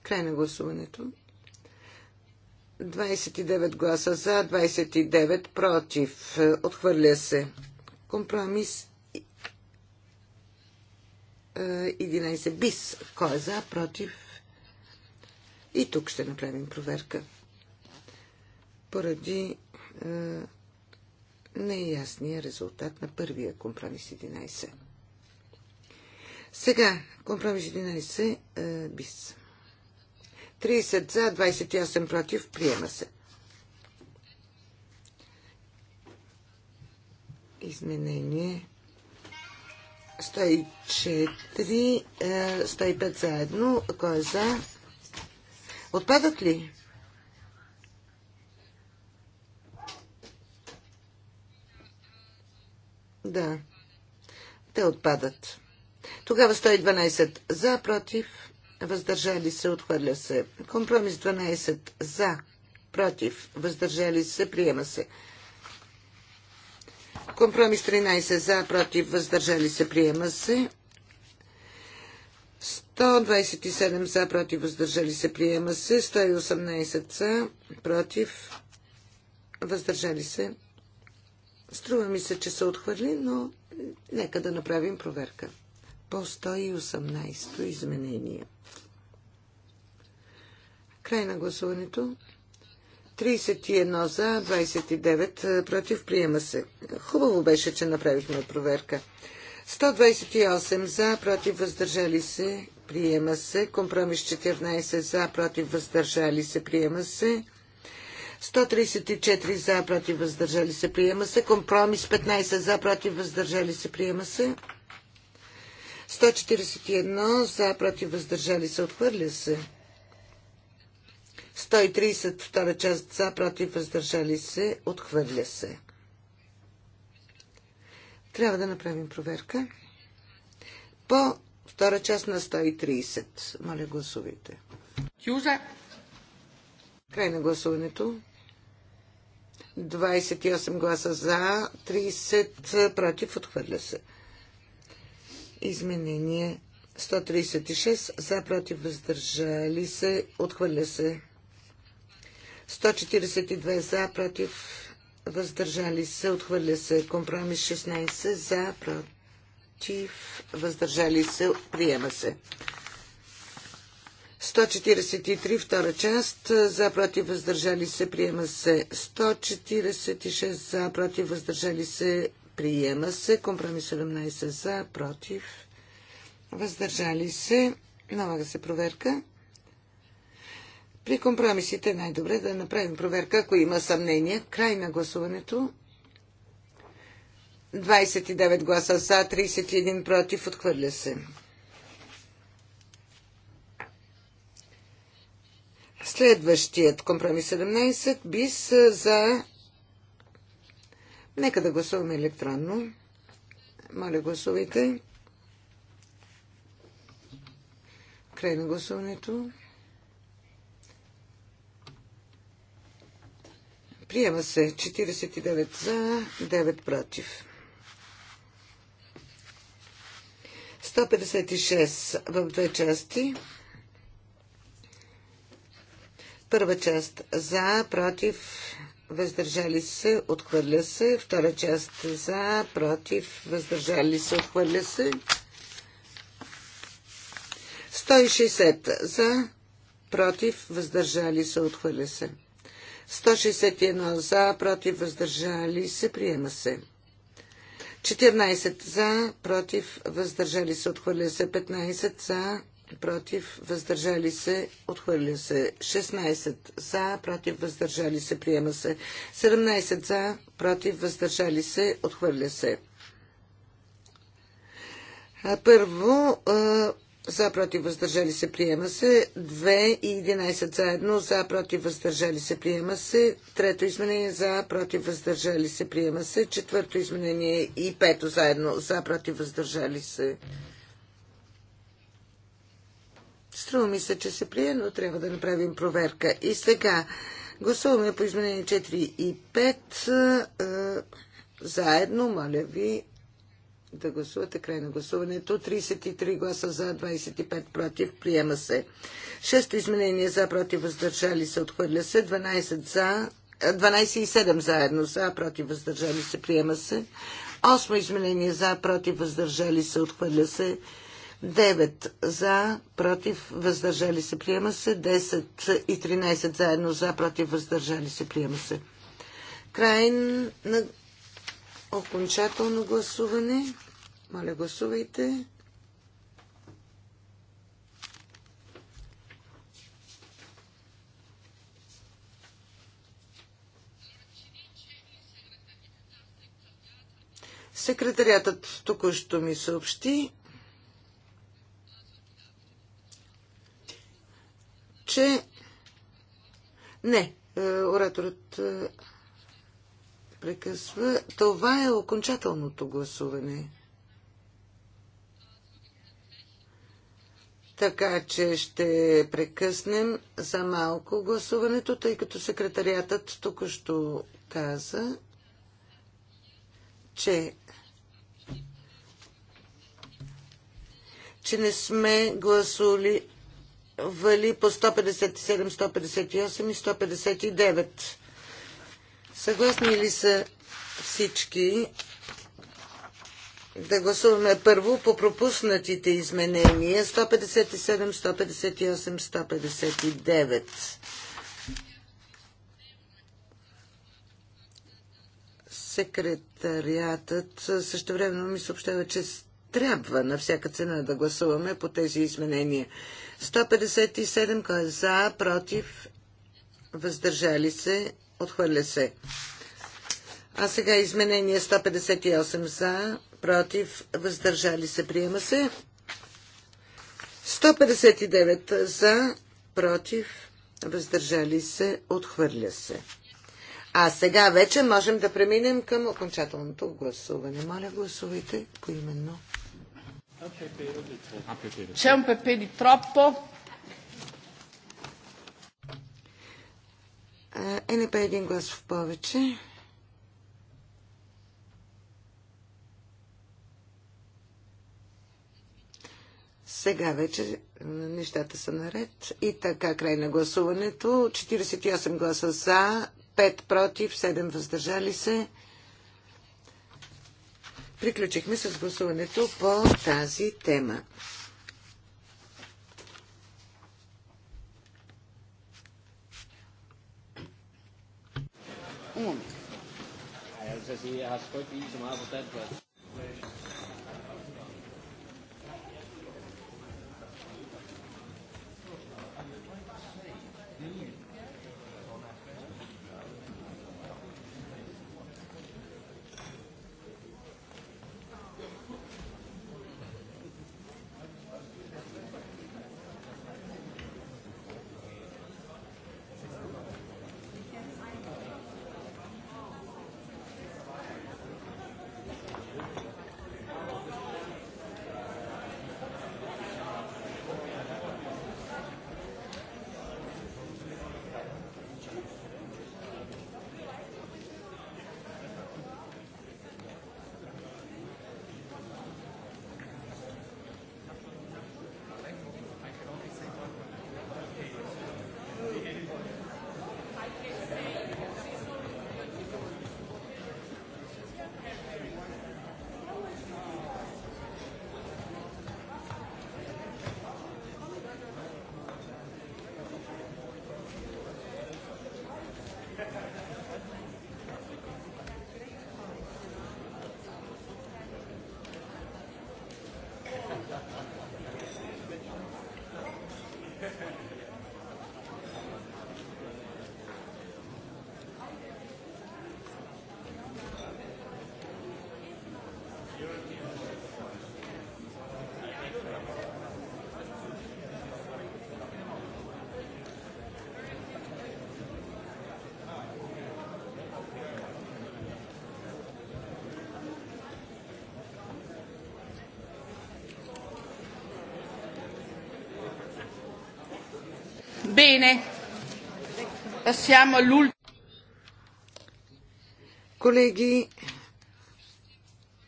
Край на гласуването. 29 гласа за, 29 против. Отхвърля се. Компромис 11 бис. Кой е за, против? И тук ще направим проверка. Поради е, неясния резултат на първия компромис 11. Сега, компромис 11 а, е, бис. 30 за, 28 против, приема се. Изменение 104, 105 заедно. Кой е за? Отпадат ли? Да. Те отпадат. Тогава 112 за, против, въздържали се, отхвърля се. Компромис 12 за, против, въздържали се, приема се. Компромис 13 за, против, въздържали се, приема се. 127 за, против, въздържали се, приема се. 118 за, против, въздържали се. Струва ми се, че са отхвърли, но нека да направим проверка по 118 изменение. Край на гласуването. 31 за, 29 против, приема се. Хубаво беше, че направихме проверка. 128 за, против, въздържали се, приема се. Компромис 14 за, против, въздържали се, приема се. 134 за, против, въздържали се, приема се. Компромис 15 за, против, въздържали се, приема се. 141 за, против, въздържали се, отхвърля се. 130 втора част за, против, въздържали се, отхвърля се. Трябва да направим проверка. По втора част на 130. Моля, гласувайте. Кюжа. Край на гласуването. 28 гласа за, 30 против, отхвърля се. Изменение 136 за против въздържали се. Отхвърля се. 142 за против въздържали се. Отхвърля се. Компромис 16 за против въздържали се. Приема се. 143 втора част за против въздържали се приема се 146 за против въздържали се Приема се. Компромис 17 за, против. Въздържали се. Налага се проверка. При компромисите най-добре да направим проверка, ако има съмнение. Край на гласуването. 29 гласа за, 31 против. Отхвърля се. Следващият компромис 17 бис за Нека да гласуваме електронно. Моля, гласувайте. Край на гласуването. Приема се 49 за, 9 против. 156 в две части. Първа част за, против, въздържали се, отхвърля се. Втора част за, против, въздържали се, отхвърля се. 160 за, против, въздържали се, отхвърля се. 161 за, против, въздържали се, приема се. 14 за, против, въздържали се, отхвърля се. 15 за, против, въздържали се, отхвърля се. 16 за, против, въздържали се, приема се. 17 за, против, въздържали се, отхвърля се. Първо, за, против, въздържали се, приема се. 2 и 11 заедно, за, против, въздържали се, приема се. Трето изменение, за, против, въздържали се, приема се. Четвърто изменение и пето заедно, за, против, въздържали се, се. Струва ми се, че се прие, но трябва да направим проверка. И сега гласуваме по изменение 4 и 5 е, заедно. Моля ви да гласувате край на гласуването. 33 гласа за, 25 против. Приема се. Шесто изменение за, против, въздържали се. Отхвърля се. 12 за, 12 е, и 7 заедно за, против, въздържали се. Приема се. Осмо изменение за, против, въздържали се. Отхвърля се. 9 за, против, въздържали се, приема се. 10 и 13 заедно за, против, въздържали се, приема се. Край на окончателно гласуване. Моля, гласувайте. Секретариатът току-що ми съобщи, че не, е, ораторът е, прекъсва. Това е окончателното гласуване. Така че ще прекъснем за малко гласуването, тъй като секретариатът току-що каза, че че не сме гласували, вали по 157, 158 и 159. Съгласни ли са всички да гласуваме първо по пропуснатите изменения 157, 158, 159. Секретариатът също време ми съобщава, че трябва на всяка цена да гласуваме по тези изменения. 157 кой е за, против, въздържали се, отхвърля се. А сега изменение 158 за, против, въздържали се, приема се. 159 за, против, въздържали се, отхвърля се. А сега вече можем да преминем към окончателното гласуване. Моля, гласувайте поименно. C'è un pepe di troppo? E ne pedi in в повече. Сега вече нещата са наред. И така, край на гласуването. 48 гласа за, 5 против, 7 въздържали се приключихме с гласуването по тази тема. Um. Also Sie, Herr Scott, wie ich Bene. Passiamo all'ultimo. Колеги,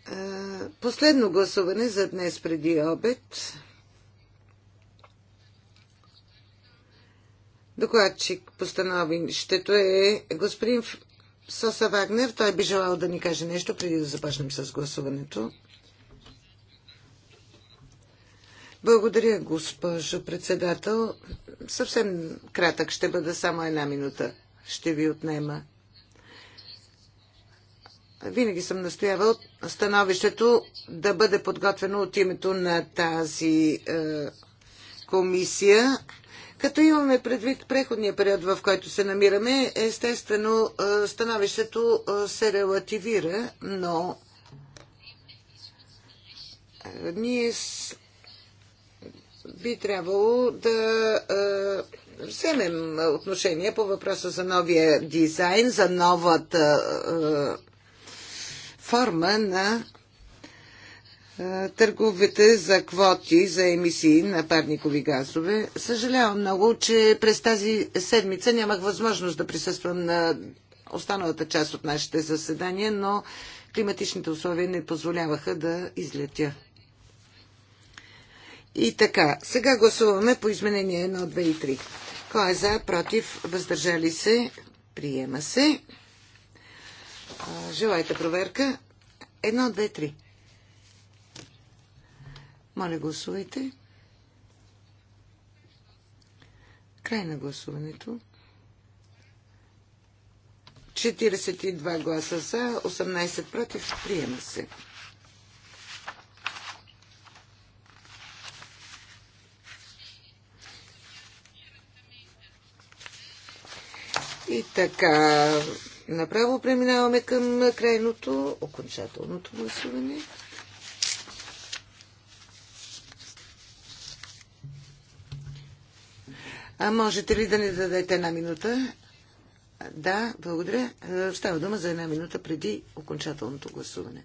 е, последно гласуване за днес преди обед. Докладчик постанови щето е господин Соса Вагнер. Той би желал да ни каже нещо преди да започнем с гласуването. Благодаря, госпожо председател съвсем кратък ще бъда, само една минута ще ви отнема. Винаги съм настоявал становището да бъде подготвено от името на тази е, комисия. Като имаме предвид преходния период, в който се намираме, естествено е, становището е, се релативира, но е, ние би трябвало да е, вземем отношение по въпроса за новия дизайн, за новата е, форма на е, търговете за квоти за емисии на парникови газове. Съжалявам много, че през тази седмица нямах възможност да присъствам на останалата част от нашите заседания, но климатичните условия не позволяваха да излетя. И така, сега гласуваме по изменение 1, 2 и 3. Кой е за, против, въздържали се, приема се. Желайте проверка. 1, 2, 3. Моля, гласувайте. Край на гласуването. 42 гласа за, 18 против, приема се. И така, направо преминаваме към крайното, окончателното гласуване. А можете ли да ни дадете една минута? Да, благодаря. Е, става дума за една минута преди окончателното гласуване.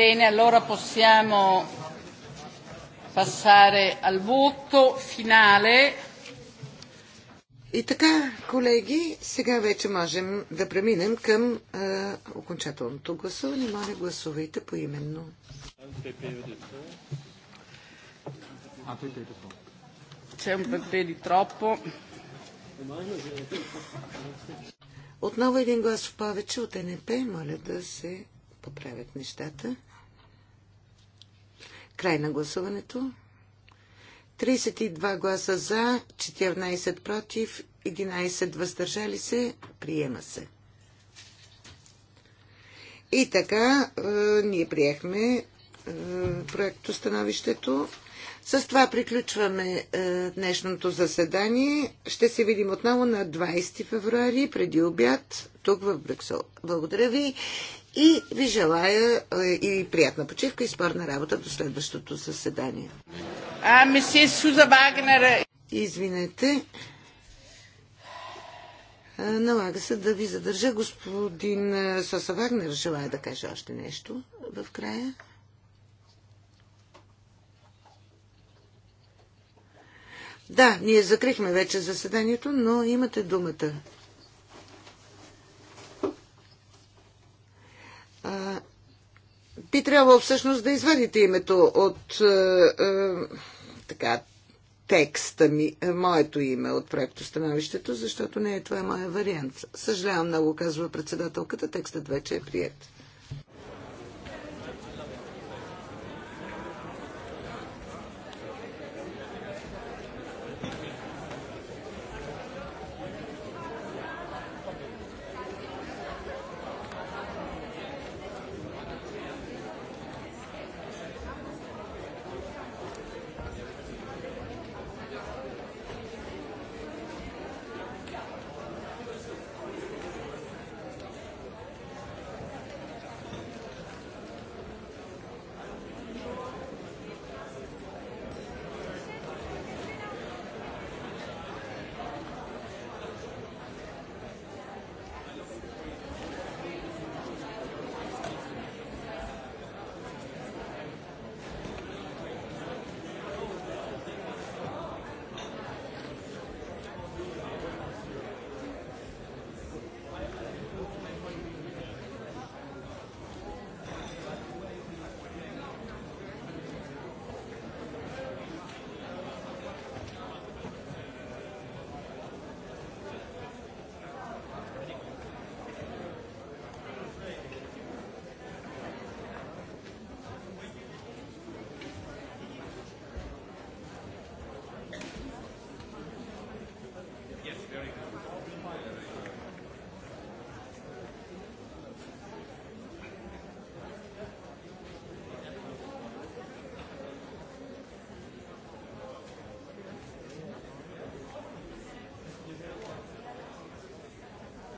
Bene, allora possiamo passare al voto finale. И така, колеги, сега вече можем да преминем към е, окончателното гласуване. Моля, гласувайте поименно. C'è un PP di Отново един глас в повече от НП. Моля да се поправят нещата. Край на гласуването. 32 гласа за, 14 против, 11 въздържали се. Приема се. И така, е, ние приехме е, проектостановището. С това приключваме е, днешното заседание. Ще се видим отново на 20 февруари преди обяд тук в Брюксел. Благодаря ви и ви желая е, и приятна почивка и спорна работа до следващото заседание. А, месье Суза Вагнер. Извинете. Налага се да ви задържа. Господин Соса Вагнер желая да каже още нещо в края. Да, ние закрихме вече заседанието, но имате думата. а, би трябвало всъщност да извадите името от а, е, а, е, така, текста ми, е, моето име от проектостановището, защото не е това моя вариант. Съжалявам много, казва председателката, текстът вече е прият.